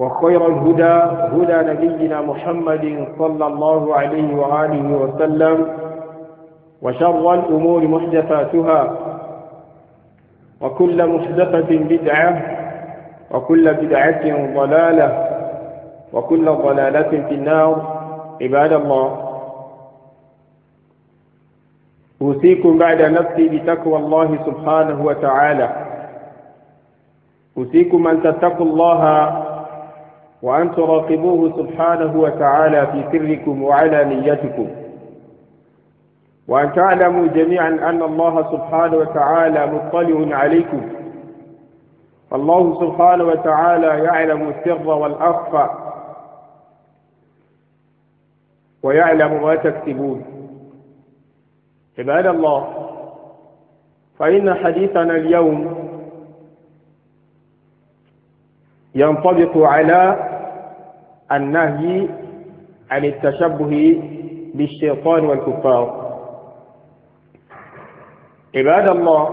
وخير الهدى هدى نبينا محمد صلى الله عليه وآله وسلم وشر الأمور محدثاتها وكل محدثة بدعة وكل بدعة ضلالة وكل ضلالة في النار عباد الله أوصيكم بعد نفسي بتقوى الله سبحانه وتعالى أوصيكم أن تتقوا الله وأن تراقبوه سبحانه وتعالى في سركم وعلى نيتكم وأن تعلموا جميعا أن الله سبحانه وتعالى مطلع عليكم الله سبحانه وتعالى يعلم السر والأخفى ويعلم ما تكتبون عباد الله فإن حديثنا اليوم ينطبق على النهي عن التشبه بالشيطان والكفار عباد الله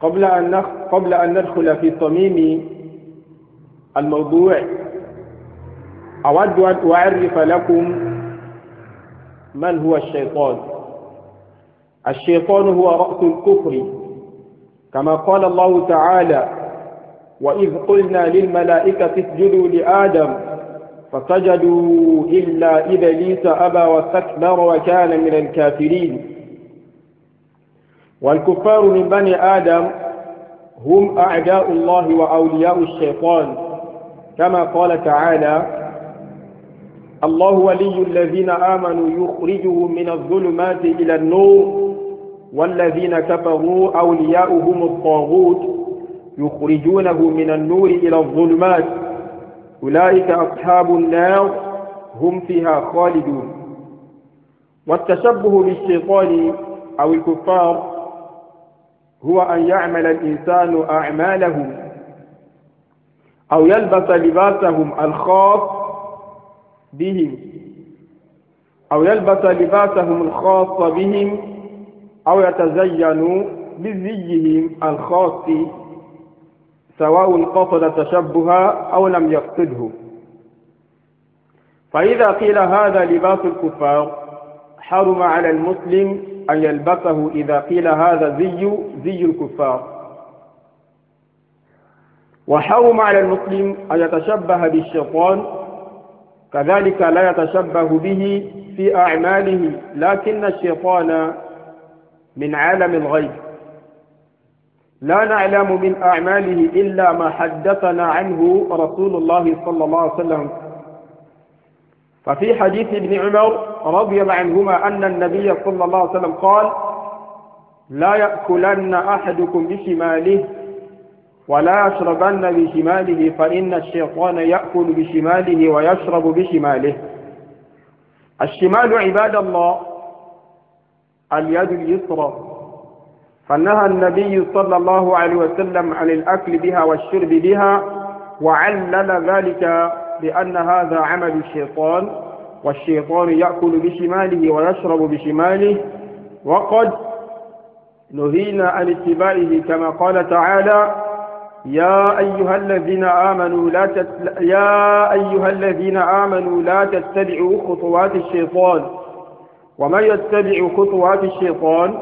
قبل أن نخ... قبل أن ندخل في صميم الموضوع أود أن أعرف لكم من هو الشيطان الشيطان هو رأس الكفر كما قال الله تعالى وإذ قلنا للملائكة اسجدوا لآدم فسجدوا إلا إبليس أبى واستكبر وكان من الكافرين والكفار من بني آدم هم أعداء الله وأولياء الشيطان كما قال تعالى الله ولي الذين آمنوا يخرجهم من الظلمات إلى النور والذين كفروا أولياؤهم الطاغوت يخرجونه من النور إلى الظلمات أولئك أصحاب النار هم فيها خالدون والتشبه بالشيطان أو الكفار هو أن يعمل الإنسان أعمالهم أو يلبس لباسهم الخاص بهم أو يلبس لباسهم الخاص بهم أو يتزين بزيهم الخاص سواء قصد تشبها أو لم يقصده فإذا قيل هذا لباس الكفار حرم على المسلم أن يلبسه إذا قيل هذا زي زي الكفار وحرم على المسلم أن يتشبه بالشيطان كذلك لا يتشبه به في أعماله لكن الشيطان من عالم الغيب لا نعلم من أعماله إلا ما حدثنا عنه رسول الله صلى الله عليه وسلم ففي حديث ابن عمر رضي الله عنهما أن النبي صلى الله عليه وسلم قال لا يأكلن أحدكم بشماله ولا يشربن بشماله فإن الشيطان يأكل بشماله ويشرب بشماله الشمال عباد الله اليد اليسرى فنهى النبي صلى الله عليه وسلم عن الأكل بها والشرب بها وعلل ذلك بأن هذا عمل الشيطان والشيطان يأكل بشماله ويشرب بشماله وقد نهينا عن اتباعه كما قال تعالى يا أيها الذين آمنوا لا تت... يا أيها الذين آمنوا لا تتبعوا خطوات الشيطان ومن يتبع خطوات الشيطان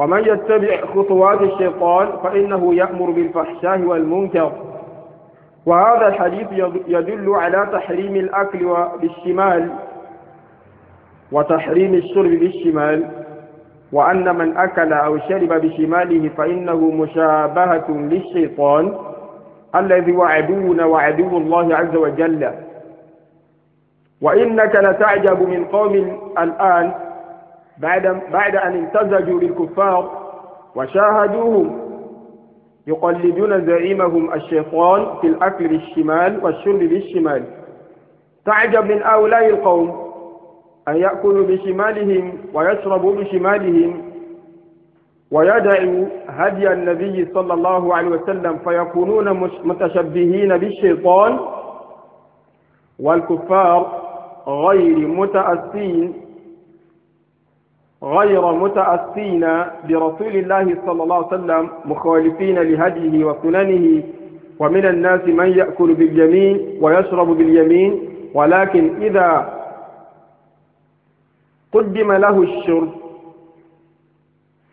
ومن يتبع خطوات الشيطان فإنه يأمر بالفحشاء والمنكر وهذا الحديث يدل على تحريم الأكل بالشمال وتحريم الشرب بالشمال وأن من أكل أو شرب بشماله فإنه مشابهة للشيطان الذي وعدون وعدو الله عز وجل وإنك لتعجب من قوم الآن بعد بعد أن امتزجوا بالكفار وشاهدوهم يقلدون زعيمهم الشيطان في الأكل بالشمال والشرب بالشمال تعجب من هؤلاء القوم أن يأكلوا بشمالهم ويشربوا بشمالهم ويدعوا هدي النبي صلى الله عليه وسلم فيكونون متشبهين بالشيطان والكفار غير متأسين غير متأسين برسول الله صلى الله عليه وسلم مخالفين لهديه وسننه ومن الناس من يأكل باليمين ويشرب باليمين ولكن إذا قدم له الشرب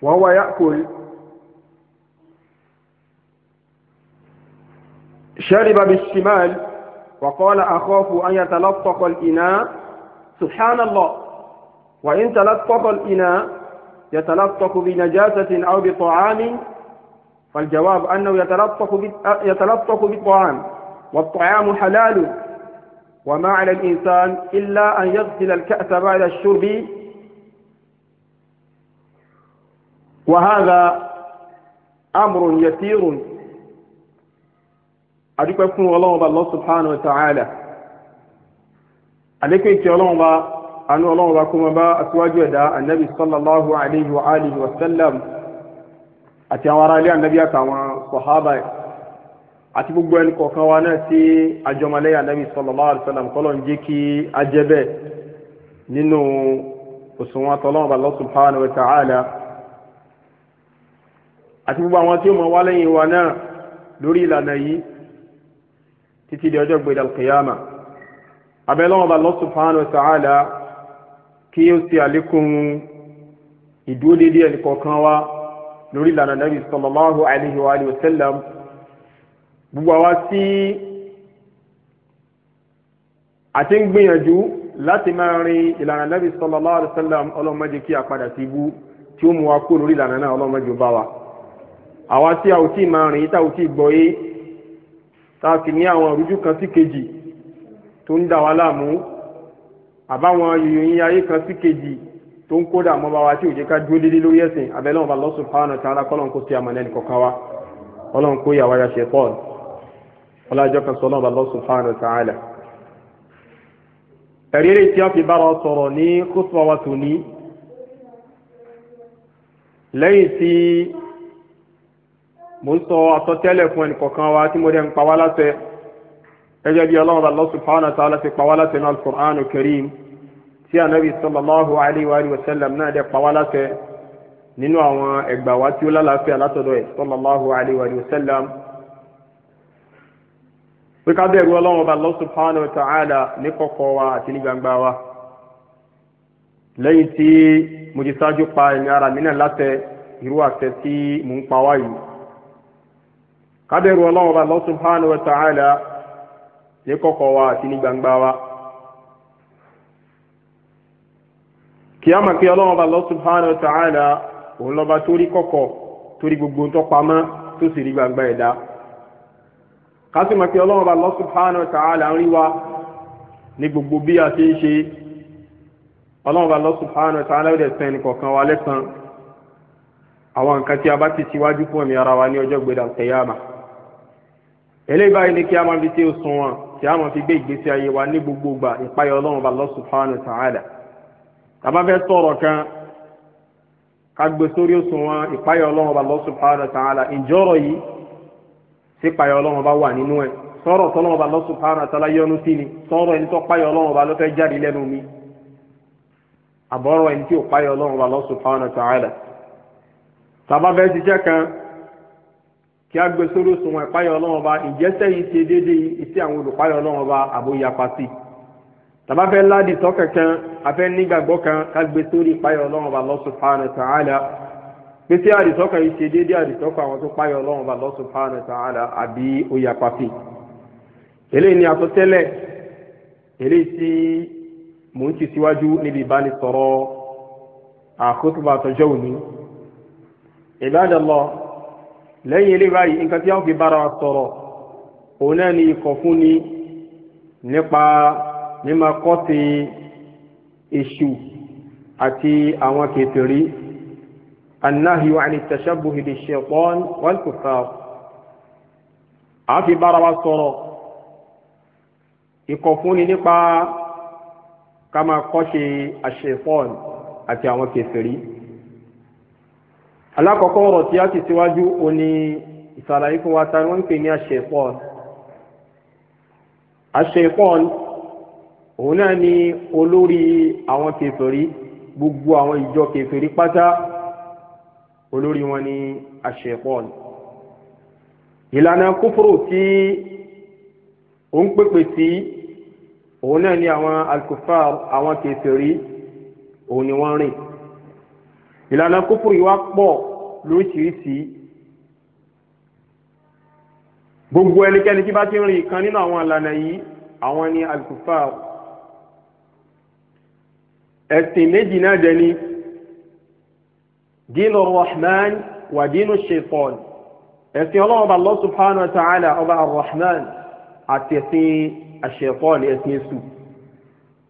وهو يأكل شرب بالشمال وقال أخاف أن يتلطق الإناء سبحان الله وإن تلطف الإناء يتلطف بنجاسة أو بطعام فالجواب أنه يتلطف يتلطف بالطعام والطعام حلال وما على الإنسان إلا أن يغسل الكأس بعد الشرب وهذا أمر يسير عليك يكون الله سبحانه وتعالى عليك يكون الله àánú ọlọ́run bá kó máa bá aṣíwájú ẹ̀dá ànábì sallallahu alayhi wa alihi wa sallam àti àwọn aráalé ànábì àtàwọn sọ̀hábà àti gbogbo ẹni kọ̀ọ̀kan wa náà sí àjọmọlẹ́yìn ànábì sallallahu alayhi wa sallam kọ́lọ̀ ń jẹ́ kí a jẹ́ bẹ́ẹ̀ nínú òṣùwọ̀n àtọ́lọ́run bá lọ́sùn subhanahu wa ta'ala àti gbogbo àwọn tí ó mọ̀ wá lẹ́yìn wa náà lórí ìlànà yìí títí di ọjọ́ gbèdà kìyàmà abẹ́lọ́wọ́n bá subhanahu wa ta'ala kí ó ṣe àlékún ìdúró déédéé ẹnìkọ̀ọ̀kan wa lórí ìlànà nàbì sallallahu alaihi wa alihi wa sallam gbogbo àwa tí a ti ń gbìyànjú láti máa rin ìlànà nàbì sallallahu alaihi wa sallam ọlọ́mọdé kí a padà sí ibú tí ó mú wa kó lórí ìlànà náà ọlọ́mọdé bá wa àwa tí a ò tí máa rìn tá ò tí gbọ́ yé tá a sì ní àwọn ìrújú kan sí kejì tó ń dà wá láàmú àbáwọn yìnyín ayé kan sí kejì tó ń kódà mọ́ bá wa tí ò jẹ́ ká dúró déédéé lórí ẹ̀sìn abẹ́lẹ́ wọn bá Allah subhanahu wa ta'ala kọ́lọ́n kó ti àmọ́lẹ́ nìkọ̀kan wa kọ́lọ́n kó yàwá ya ṣe paul ọlájọ́ kan sọ́lọ́n bá Allah subhanahu wa ta'ala. ẹ̀rí eré tí wọ́n fi bára sọ̀rọ̀ ní kóso wa tò ní lẹ́yìn tí mo ń sọ àsọtẹ́lẹ̀ fún ẹnìkọ̀kan wa tí mo dẹ́ ń pa wá láṣẹ gẹ́gẹ́ bí ọlọ́run Allah subhanahu wa ta'ala ti pàwọ́ láti náà al-Qur'an al-Karim tí anabi sallallahu alayhi wa sallam náà dẹ̀ pàwọ́ láti nínú àwọn ẹgbà wa tí ó lálàáfíà látọ̀dọ̀ ẹ̀ sallallahu alayhi wa sallam pé ká bẹ̀rù ọlọ́run ọba Allah subhanahu wa ní kọ̀kọ̀ wa àti ní gbangba wa lẹ́yìn tí mo ti ṣáájú pa ẹ̀mí ara mi náà látẹ̀ irú àṣẹ tí mò ń pa wáyé ká ní kọ̀kọ̀ wa àti ní gbangba wa. kí a mọ̀ pé ọlọ́run bá Allah subhanahu wa ta'ala òun lọ́ba torí kọ̀kọ̀ torí gbogbo tó pamọ́ tó sì rí gbangba ẹ̀dá. ká sì mọ̀ pé ọlọ́run bá Allah subhanahu wa ta'ala rí wa ní gbogbo bí a ti ń ṣe ọlọ́run bá Allah subhanahu wa ta'ala ó dẹ̀ sẹ́ni kọ̀ọ̀kan wa lẹ́sàn-án àwọn nǹkan tí a bá ti síwájú fún ẹ̀mí ara wa ní ọjọ́ gbéra al eléyìí báyìí ni kí a máa fi ṣe òṣùwọ̀n kí a máa fi gbé ìgbésí ayé wa ní gbogbo gbà ìpayọ Ọlọ́run bá Allah subhanahu wa ta'ala tàbá fẹ́ sọ̀rọ̀ kan ká gbé sórí òṣùwọ̀n ìpayọ Ọlọ́run bá Allah subhanahu wa ta'ala ìjọrọ̀ yìí sí ìpayọ Ọlọ́run bá wà nínú ẹ̀ sọ̀rọ̀ tọ́lọ́wọ́ bá lọ́sùn fáwọn àtàlá yọnu sí ni sọ̀rọ̀ ẹni tó páyọ̀ ọlọ́wọ́ bá lọ́fẹ́ jáde lẹ́nu mi àbọ̀rọ̀ ẹni tí ò páyọ̀ ọlọ́wọ́ bá lọ́sùn fáwọn àtàlá. sábà bẹ́ẹ̀ ti jẹ́ kan kí a gbé sórí òṣùwọ̀n ìpáyọ̀ ọlọ́run ọba ìjẹ́sẹ̀ yìí ṣe déédéé iṣẹ́ àwọn olùpáyọ̀ ọlọ́run ọba àbóyapa sí i tàbá fẹ́ ládi tọ́kẹ̀ kan afẹ́ nígbàgbọ́ kan ká gbé sórí ìpáyọ̀ ọlọ́run ọba Allah subhanahu wa ta'ala pèsè àdìsọ́kàn yìí ṣe déédéé àdìsọ́kàn àwọn tó páyọ̀ ọlọ́run ọba Allah subhanahu wa ta'ala àbí oyapa sí i eléyìí ni àtọ́tẹ́lẹ̀ eléyìí tí mò ń ti síwájú níbi ìbánisọ̀rọ̀ àkótó bàtọ́jọ́ òní Ibadallah lẹ́yìn ilé báyìí nǹkan tí a fi bára sọ̀rọ̀ òun náà ni ikọ̀ fún ni nípa mímọ kọ́sí èṣù àti àwọn kèfèrí annahi wa ani tashabbuhi bi shaytan wal kuffar a fi bára wa sọ̀rọ̀ ikọ̀ fún ni nípa ká máa kọ́sí àṣẹ̀fọ́n àti àwọn kèfèrí alákọ̀ọ́kọ́ ọ̀rọ̀ tí a ti síwájú o ní ìsàlàyé fún wa ta ni wọ́n ń pè ní àṣẹ̀pọ̀n àṣẹ̀pọ̀n òun náà ni olórí àwọn kèfèrí gbogbo àwọn ìjọ kèfèrí pátá olórí wọn ni àṣẹ̀pọ̀n ìlànà kúfúrò tí ó ń pèpè sí òun náà ni àwọn alkufar àwọn kèfèrí òun ni wọ́n rìn ìlànà kúfùrù yìí wá pọ̀ lóríṣiríṣi gbogbo ẹnikẹ́ni tí bá ti rìn kan nínú àwọn ìlànà yìí àwọn ni àlùfáà ẹ̀sìn méjì náà jẹ́ ni dínú rahman wà dínú shaitan ẹ̀sìn ọlọ́run Allah subhanahu wa ọba rahman àti ẹ̀sìn àṣẹ̀tọ́ọ̀lì ẹ̀sìn èṣù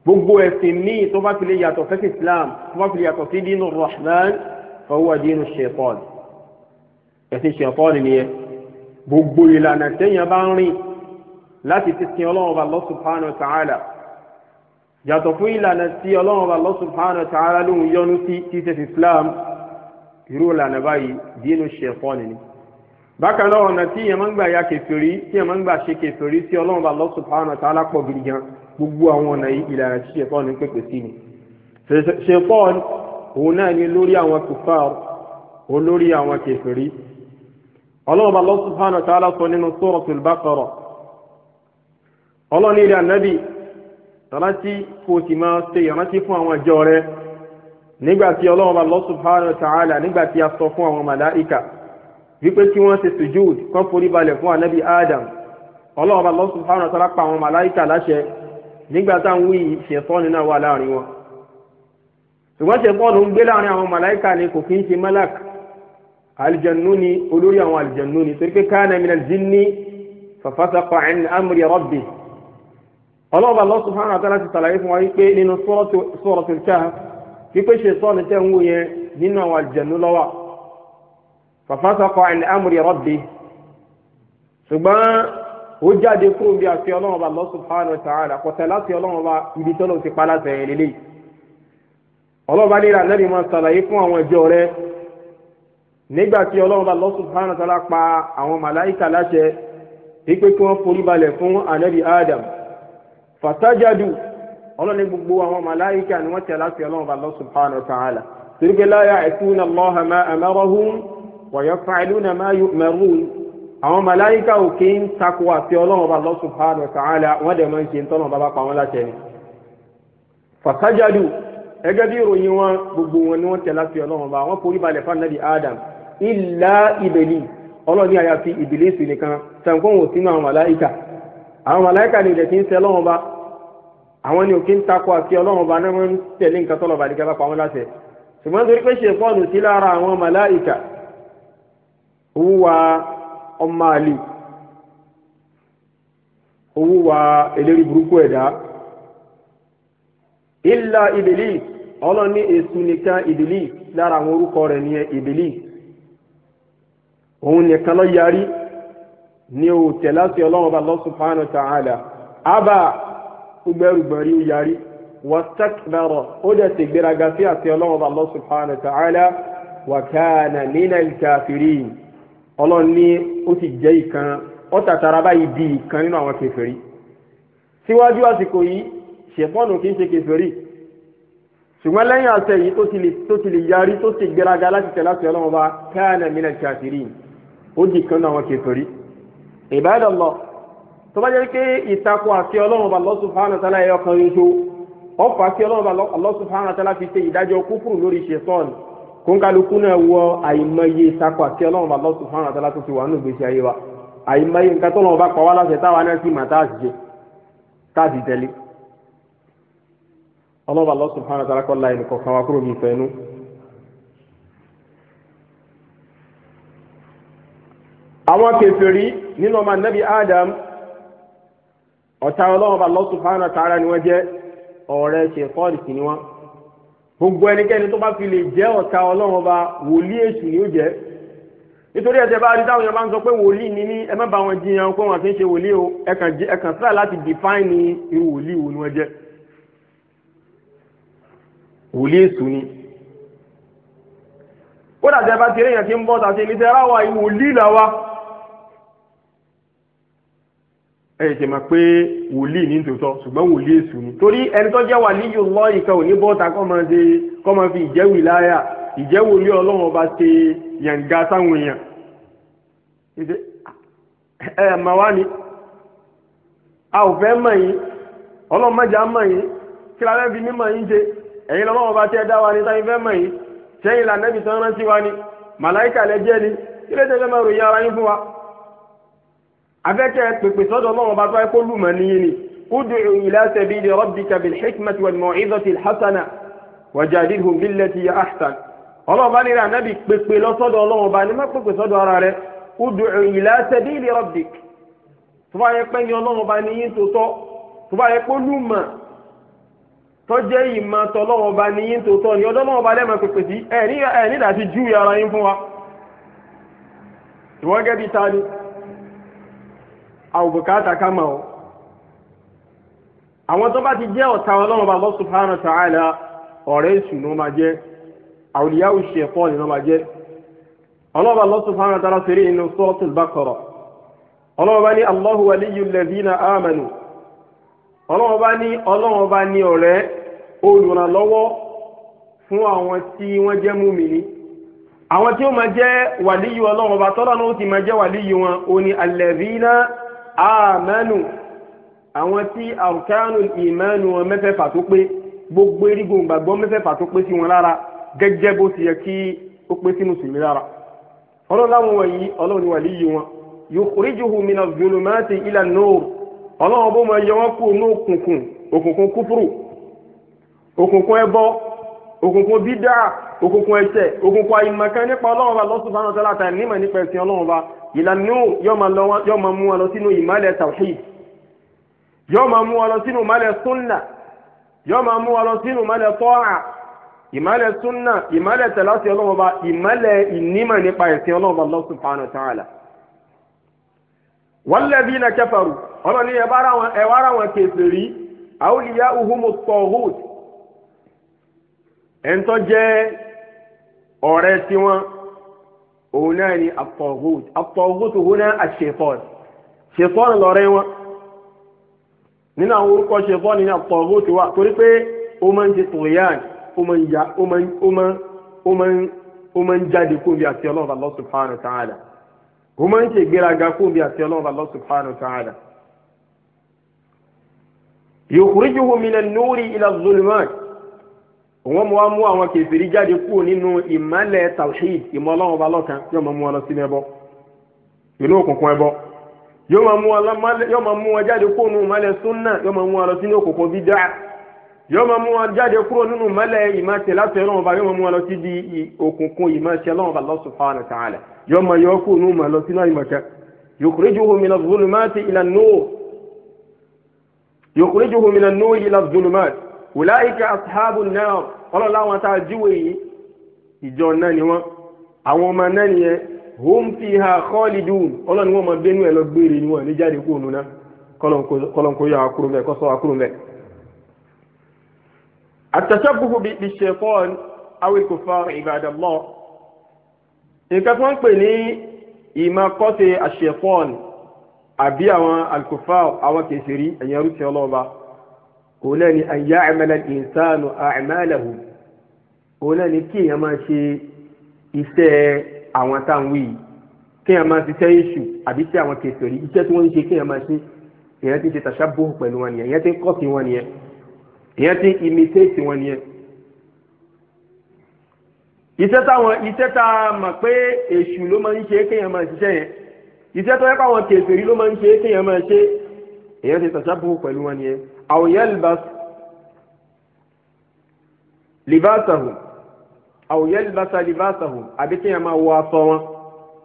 gbogbo ẹ̀sìn míì tó bá fi lè yàtọ̀ fẹ́sìn islam tó bá fi lè yàtọ̀ sí dínú rahman fọwọ́ dínú ṣẹ̀tọ́ọ̀nù ẹ̀sìn ṣẹ̀tọ́ọ̀nù nìyẹn gbogbo ìlànà tẹ́yìn bá ń rìn láti ti sin ọlọ́run ọba Allah subhanahu wa ta'ala yàtọ̀ fún ìlànà tí ọlọ́run ọba Allah subhanahu wa ló ń yọ́nú sí títẹ̀ islam irú ìlànà báyìí dínú ṣẹ̀tọ́ọ̀nù ni bákan náà ọ̀nà tí ìyẹn máa ń gbà ya kèfèrí tí ìyẹn máa ń gbà ṣe kèfèrí sí ọlọ́run ọba Allah subhanahu wa pọ̀ gidi gan-an gbogbo àwọn ọ̀nà ìlànà tí ṣèpọ̀ ní pèpè sí ni ṣèpọ̀ òun náà ni lórí àwọn kùfàr òun lórí àwọn kèfèrí ọlọ́run bá Allah subhanahu wa ta'ala sọ nínú suratul Baqara ọlọ́run ilé ànábì rántí kò sì máa ṣe ìrántí fún àwọn ìjọ rẹ nígbà tí ọlọ́run bá Allah subhanahu wa ta'ala nígbà tí a sọ fún àwọn màláìkà wípé kí wọ́n ṣe sùjúd kán forí balẹ̀ fún ànábì Adam ọlọ́run bá Allah subhanahu wa ta'ala pa nígbà táwọn wí ṣẹ̀tọ́ni náà wà láàrin wọn ṣùgbọ́n ṣẹ̀tọ́ni ń gbé láàrin àwọn màláìka ni kò kí ń ṣe malak alìjẹ̀nú ni olórí àwọn alìjẹ̀nú ni torí pé káàna min al-jinni fàfàtàkọ̀ ẹ̀ń amri rabbi ọlọ́ọ̀bà Allah subhanahu wa ta'ala ti sàlàyé fún wa wípé nínú suratul Kahf wípé ṣẹ̀tọ́ni tẹ̀ ń wò yẹn nínú àwọn alìjẹ̀nú lọ́wọ́ fàfàtàkọ̀ ẹ̀ń amri rabbi ṣùgbọ́n ó jáde fún bí àfi ọlọ́run bá Allah subhanahu wa ta'ala kọ̀tẹ́ láti ọlọ́run bá ibi tí ọlọ́run ti pa láti ẹ̀yìn lélẹ̀ ọlọ́run bá nílà nẹ́bí máa ṣàlàyé fún àwọn ìjọ rẹ nígbà tí ọlọ́run bá Allah subhanahu wa pa àwọn màláìkà láṣẹ wípé kí wọ́n forí balẹ̀ fún ànẹ́bí Adam fàtàjàdù ọlọ́ni gbogbo àwọn màláìkà ni wọ́n tẹ̀ láti ọlọ́run bá Allah subhanahu wa ta'ala àwọn màláyíkà ò kí ń takò àti ọlọ́run bá lọ́sùn hàn ọ̀sán àlà wọ́n dẹ̀ máa ń ṣe tọ́nà bàbá pa wọ́n láṣẹ ni. fàṣájádù ẹgẹ́ bí ìròyìn wọn gbogbo wọn ni wọ́n ọlọ́run bá wọ́n forí balẹ̀ fún adam ìlà ìbẹ̀lì ọlọ́run ní àyàfi ìbílísì nìkan sànkóhùn sínú àwọn màláyíkà àwọn màláyíkà ni ìdẹ̀kí ń tẹ ọlọ́run bá àwọn ni ò kí ń takò àti ọlọ́run ọmọ àlè owó wa eléri burúkú ẹ̀dá illa Iblis ọlọ́run ní èṣù nìkan Iblis lára àwọn orúkọ rẹ̀ ní Iblis òun nìkan ló yarí ní o tẹ̀lá sí ọlọ́run ọba Allah subhanahu wa ta'ala abba gbẹrùgbọ̀n rí ó yarí wastakbara ó dẹ̀ sì gbéraga sí àti ọlọ́run ọba Allah subhanahu wa ta'ala wa kana ọlọ́run ní ó ti jẹ́ ìkan ọ̀tàtàrà báyìí di ìkan nínú àwọn kèfèrí síwájú àsìkò yìí ṣèpọ́nù kì í ṣe kèfèrí ṣùgbọ́n lẹ́yìn àṣẹ yìí tó ti lè yarí tó ti gbéraga láti tẹ̀lé àṣẹ ọlọ́run ọba kana minal kafirin ó di ìkan nínú àwọn kèfèrí ibadallah tó bá jẹ́ pé ìtakò àṣẹ ọlọ́run ọba Allah subhanahu wa ta'ala ẹ̀yọ kan ṣoṣo ọ̀pọ̀ àṣẹ ọlọ́run ọba Allah subhanahu wa ta'ala fi ṣe ìdájọ́ kúfùrù lórí ṣètọ́ọ̀nù kóńkálukú náà wọ àìmọye sakọ àti ọlọ́run bàbá tó fún àwọn àtàlà tó ti wà nínú ìgbésí ayé wa àìmọye nǹkan tó lọ́wọ́ bá pa wá láṣẹ táwa náà sì mà tá a sì jẹ tá a sì tẹ̀lé ọlọ́run bàbá tó fún àwọn àtàlà kọ́ la ẹnì kọ̀ọ̀kan wa kúrò ní ìfẹ́ inú. àwọn kèfèrí nínú ọmọ anabi Adam ọ̀tá ọlọ́run bàbá tó fún àwọn àtàlà ni wọ́n jẹ́ ọ̀rẹ́ ṣe fọ́ọ̀lì sí ni wọ́n gbogbo ẹnikẹ́ni tó bá fi lè jẹ́ ọ̀tá ọlọ́run ọba wòlíì èṣù ni ó jẹ́ nítorí ẹsẹ̀ bá rí táwọn yẹn bá ń sọ pé wòlíì ní ní ẹ má bá wọn jiyàn pé wọn kì í ṣe wòlíì o ẹ sílẹ̀ láti define irú wòlíì wo ni wọ́n jẹ́ wòlíì èṣù ni kódà tẹ bá ti rí èèyàn tí ń bọ́ ta sí ní tẹ ráwa ìwòlíì làwa. ẹ ṣe máa pé wòlíì ní tòótọ́ ṣùgbọ́n wòlíì èṣù ni. torí ẹni tó jẹ́ wà níyò lọ ìkan òní bọ́ta kọ́ máa ṣe kọ́ máa fi ìjẹ́wì láyà ìjẹ́wò ní ọlọ́run ọba ṣe yànga sáwọn èèyàn. ẹ ẹ mà wá ni a ò fẹ́ mọ̀ yín ọlọ́run mọ̀jà mọ̀ yín kí la fẹ́ fi mímọ̀ yín ṣe ẹ̀yin lọ́wọ́ ọba tẹ́ dá wa ni táyín fẹ́ mọ̀ yín ṣẹ́yìn lànà ibi tí wọ́n rántí wa ni màláìkà lẹ́jẹ́ ni kí lè tẹ́lẹ̀ máa ròyìn ara yín fún afẹ́kẹ́ pèpè sọ́dọ̀ náà wọn bá tó ẹ kó lùmọ̀ níyì ni ud'u ila sabili rabbika bil hikmati wal maw'izati al hasana wajadilhum billati ya ahsan ọlọ́run bá nira anabi pèpè lọ sọ́dọ̀ ọlọ́run bá ní má pèpè sọ́dọ̀ ara rẹ ud'u ila sabili rabbik tó bá yẹ pé ní ọlọ́run bá ní yín tó tọ́ tó bá yẹ kó lùmọ̀ tọ́jẹ́ ìmọ̀ tọ́lọ́wọ́ bá ní yín tòótọ́ ni ọdọ́ náà bá lẹ́mọ̀ pèpè sí ẹ̀ nígbà tí júwe ara yín fún wa. ìwọ́n gẹ́bí ta ni àwòbùkátà bukata kama o àwọn tó bá ti jẹ́ ọ̀tá ọlọ́run bá Allah subhanahu wa ta'ala ọ̀rẹ́ èṣù ma jẹ́ àwòlíyáwó ṣe ni wọ́n jẹ́ ọlọ́run bá Allah subhanahu wa ta'ala fèrè inú suratul Baqara ọlọ́run bá ní Allahu waliyyul ladhina amanu ọlọ́run bá ní ọlọ́run bá ní ọ̀rẹ́ olùrànlọ́wọ́ fún àwọn tí wọ́n jẹ́ àwọn tí ó jẹ́ wàlíyù ọlọ́run bá tọ́lá náà ó ti àmánù àwọn tí àrùkánù ìmánu wọn mẹ́fẹ̀ẹ̀fà tó pé gbogbo erigun gbàgbọ́ mẹ́fẹ̀ẹ̀fà tó pé sí wọn lára gẹ́gẹ́ bó ti yẹ kí ó pé sí mùsùlùmí lára ọlọ́run láwọn wọ̀nyí ọlọ́run ni wàlíyí wọn yukhrijuhu mina zulumati ila nur ọlọ́run bó máa yọ wọ́n kú ní òkùnkùn òkùnkùn kúfúrù òkùnkùn ẹbọ òkùnkùn bídà òkùnkùn ẹ̀ṣẹ̀ òkùnkùn àìmọ̀kan nípa ọlọ́run bá Allah subhanahu wa ta'ala nímọ̀ nípa ẹ̀sìn ọlọ́run bá ìlànà yóò máa mú wa lọ sínú ìmọ̀lẹ̀ tawhid yóò máa mú wa lọ sínú ìmọ̀lẹ̀ sunna yóò máa mú wa lọ sínú ìmọ̀lẹ̀ tọ́ra ìmọ̀lẹ̀ sunna ìmọ̀lẹ̀ tẹ̀láṣẹ ọlọ́mọba ìmọ̀lẹ̀ ìnímọ̀ nípa ẹ̀sìn ọlọ́mọba Allah subhanahu wa ta'ala. walladhina ọlọ́ni òun náà ni at-taghut at-taghut huna ash-shaytan ṣètọ́n lọ́rẹ́ wọn nínú àwọn orúkọ ṣètọ́n ní at-taghut wà torí pé ó máa ń ṣe tòyàn ó máa ń ya ó máa ń ó máa ń ó jáde kóbi àti ọlọ́run Allah subhanahu wa ó máa ń ṣe ìgbéraga kóbi àti ọlọ́run Allah subhanahu wa ta'ala. yukhrijuhu mina an-nuri ila adh òun mú wa mú àwọn kèfèrí jáde kúrò nínú ìmọ̀lẹ̀ tawhid ìmọ̀ ọlọ́run ọba lọ́kan yóò máa mú wọn lọ sínú ẹbọ inú òkùnkùn ẹbọ yóò máa mú wọn jáde kúrò nínú ìmọ̀lẹ̀ sunna yóò máa mú wọn lọ sínú òkùnkùn bídà yóò máa mú wọn jáde kúrò nínú ìmọ̀lẹ̀ ìmọ̀tẹ̀ láti ọlọ́run ọba yóò máa mú wọn lọ sí di òkùnkùn ìmọ̀tẹ̀ ọlọ́run ọba Allah subhanahu wùláìkà asáàbù náà ọlọ́run láwọn tá a jíwèé yìí ìjọ náà ni wọ́n àwọn ọmọ náà nìyẹn hum fiha khalidun ọlọ́run ni wọ́n máa bẹ́nu ẹ̀ lọ gbére ni wọ́n ní jáde kúrò nù náà kọ́lọ́nkó yà á kúrò mẹ́ kọ́ sọ wá kúrò mẹ́. àtàṣàbùkù bí ṣẹ̀fọ́n awil nǹkan tí wọ́n ń pè ní ìmọ̀kọ́sẹ̀ àṣẹ̀fọ́n àbí àwọn alkufar àwọn kèsìrí ẹ̀yẹrú ti ọlọ́ọ̀ba òun náà ni àyà àmàlà ìsánù àmàlàhù òun náà ni kí èèyàn máa ṣe iṣẹ́ àwọn táwọn yìí kí èèyàn máa ṣiṣẹ́ iṣu àbí iṣẹ́ àwọn kèfèrí iṣẹ́ tí wọ́n ń ṣe kí èèyàn máa ṣe èèyàn ti ṣe tàṣàbùhù pẹ̀lú wọn nìyẹn èèyàn ti ń kọ́sì wọn nìyẹn èèyàn ti ń imitate wọn nìyẹn. iṣẹ́ táwọn iṣẹ́ tá a mọ̀ pé èṣù ló máa ń ṣe kéèyàn máa ṣiṣẹ́ yẹn iṣẹ́ tó yẹ káwọn kèfèrí ló máa ń ṣe kéèyàn máa ṣe èèyàn ti tàṣàbùhù pẹ̀lú wọn nìyẹn أو يلبس لباسهم أو يلبس لباسهم أبتي ما واصوا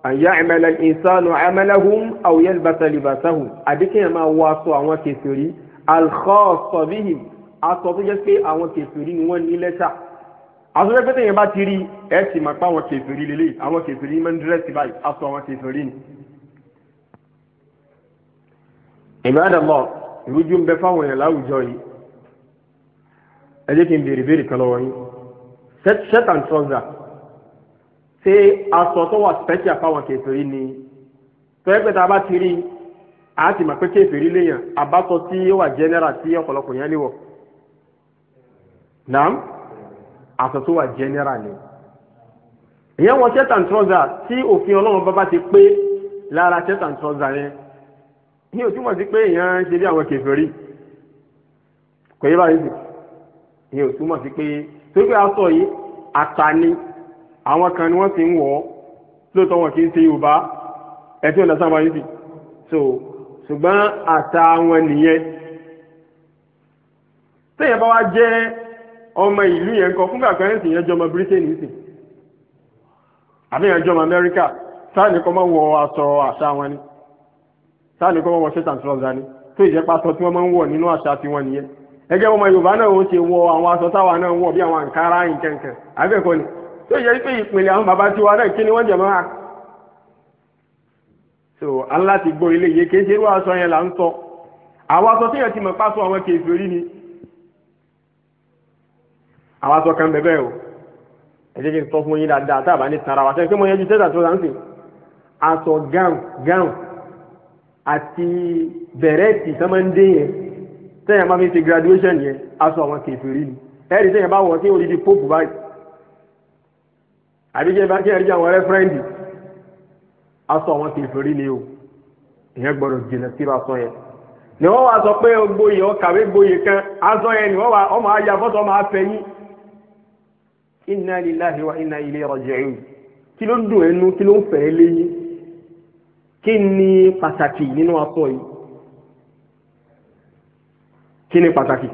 أن يعمل الإنسان عملهم أو يلبس لباسهم أبتي ما واصوا وكثيري الخاص بهم aṣọ tó jẹ́ pé àwọn kèfèrí ni wọ́n ní lẹ́tà aṣọ jẹ́ pé tẹ̀yìn bá ti rí ẹ ti mọ̀ pé àwọn kèfèrí lélẹ̀ àwọn kèfèrí máa ń dírẹ́sì báyìí aṣọ àwọn kèfèrí ni. ìbádàlá ìrújú ń bẹ fáwọn èèyàn láwùjọ yìí ẹ jẹ́ kí n béèrè béèrè kan lọ́wọ́ yín shirt and trouser ṣé aṣọ tó wà special fáwọn kèfèrí ni pẹ́ẹ́pẹ́ tá a bá ti rí a ti mọ̀ pé kèfèrí léèyàn àbátọ tí ó wà general tí ọ̀pọ̀lọpọ̀ yẹn lè wọ̀ naam aṣọ tó wà general ni ìyẹn wọ shirt and trouser tí òfin ọlọ́run bá bá ti pé lára shirt and trouser yẹn ní òtúmọ̀ sí pé èèyàn ṣe bí àwọn kèfèrí kò yé báyìí ní òtúmọ̀ sí pé torí pé aṣọ yìí ata ni àwọn kan ni wọ́n ti ń wọ̀ ọ́ lóòótọ́ wọn kì í ṣe Yorùbá ẹtí ọ̀nà sábà yìí so ṣùgbọ́n ata wọn nìyẹn téèyàn bá wá jẹ́ ọmọ ìlú yẹn kọ fúngbà kan ẹ̀sìn yẹn jọmọ Britain yìí sì àbí yẹn jọmọ Amẹ́ríkà sáà ní kọ́ máa wọ aṣọ àṣà wọn ni táà ní kọ́ wọ́n wọ ṣẹ́tàn trọ́sà ni tó ìjẹ́pá aṣọ tí wọ́n máa ń wọ̀ nínú àṣà tiwọn nìyẹn ẹgẹ́ ọmọ yorùbá náà ó ṣe wọ àwọn aṣọ táwa náà ń wọ̀ bí àwọn àǹkárá nǹkankan àbẹ́ẹ̀kọ́ ni tó ìjẹ́ pé ìpìlẹ̀ àwọn bàbá tiwa náà kí ni wọ́n jẹ̀ máa so aláti gbọ́ ilé yìí kì í ṣe irú aṣọ yẹn là ń sọ àwọn aṣọ tí yẹn ti mọ̀ pásọ àwọn kèfèrí ni àwọn aṣọ kan bẹ̀bẹ̀ o ẹ jẹ́ kí n sọ fún yín dáadáa tá a bá ní tara wa sẹ́yìn pé mo yẹn ju tẹ́tà tó dáńsì aṣọ gáùn gáùn àti bẹ̀rẹ̀tì tán máa ń yẹn tẹ́yàn máa fi ṣe graduation yẹn aṣọ àwọn kèfèrí ni ẹ̀rí tẹ́yàn bá wọ̀ sí odidi pope báyìí àbí jẹ́ bá kí ẹ̀rí àwọn rẹ́fẹ́rẹ́ndì aṣọ àwọn kèfèrí ni o ìyẹn gbọ́dọ̀ jìnà síra aṣọ yẹn ni wọ́n wá sọ pé gboyè ọkàwé gboyè kan aṣọ yẹn ni wọ́n wá ọmọ ayé afọ́tọ̀ máa fẹ́ yín inna lillahi wa inna ilayhi raji'un kí ló ń dùn ẹnu kí ló ń fẹ́ lé yín kí ni pàtàkì nínú aṣọ yìí kí ni pàtàkì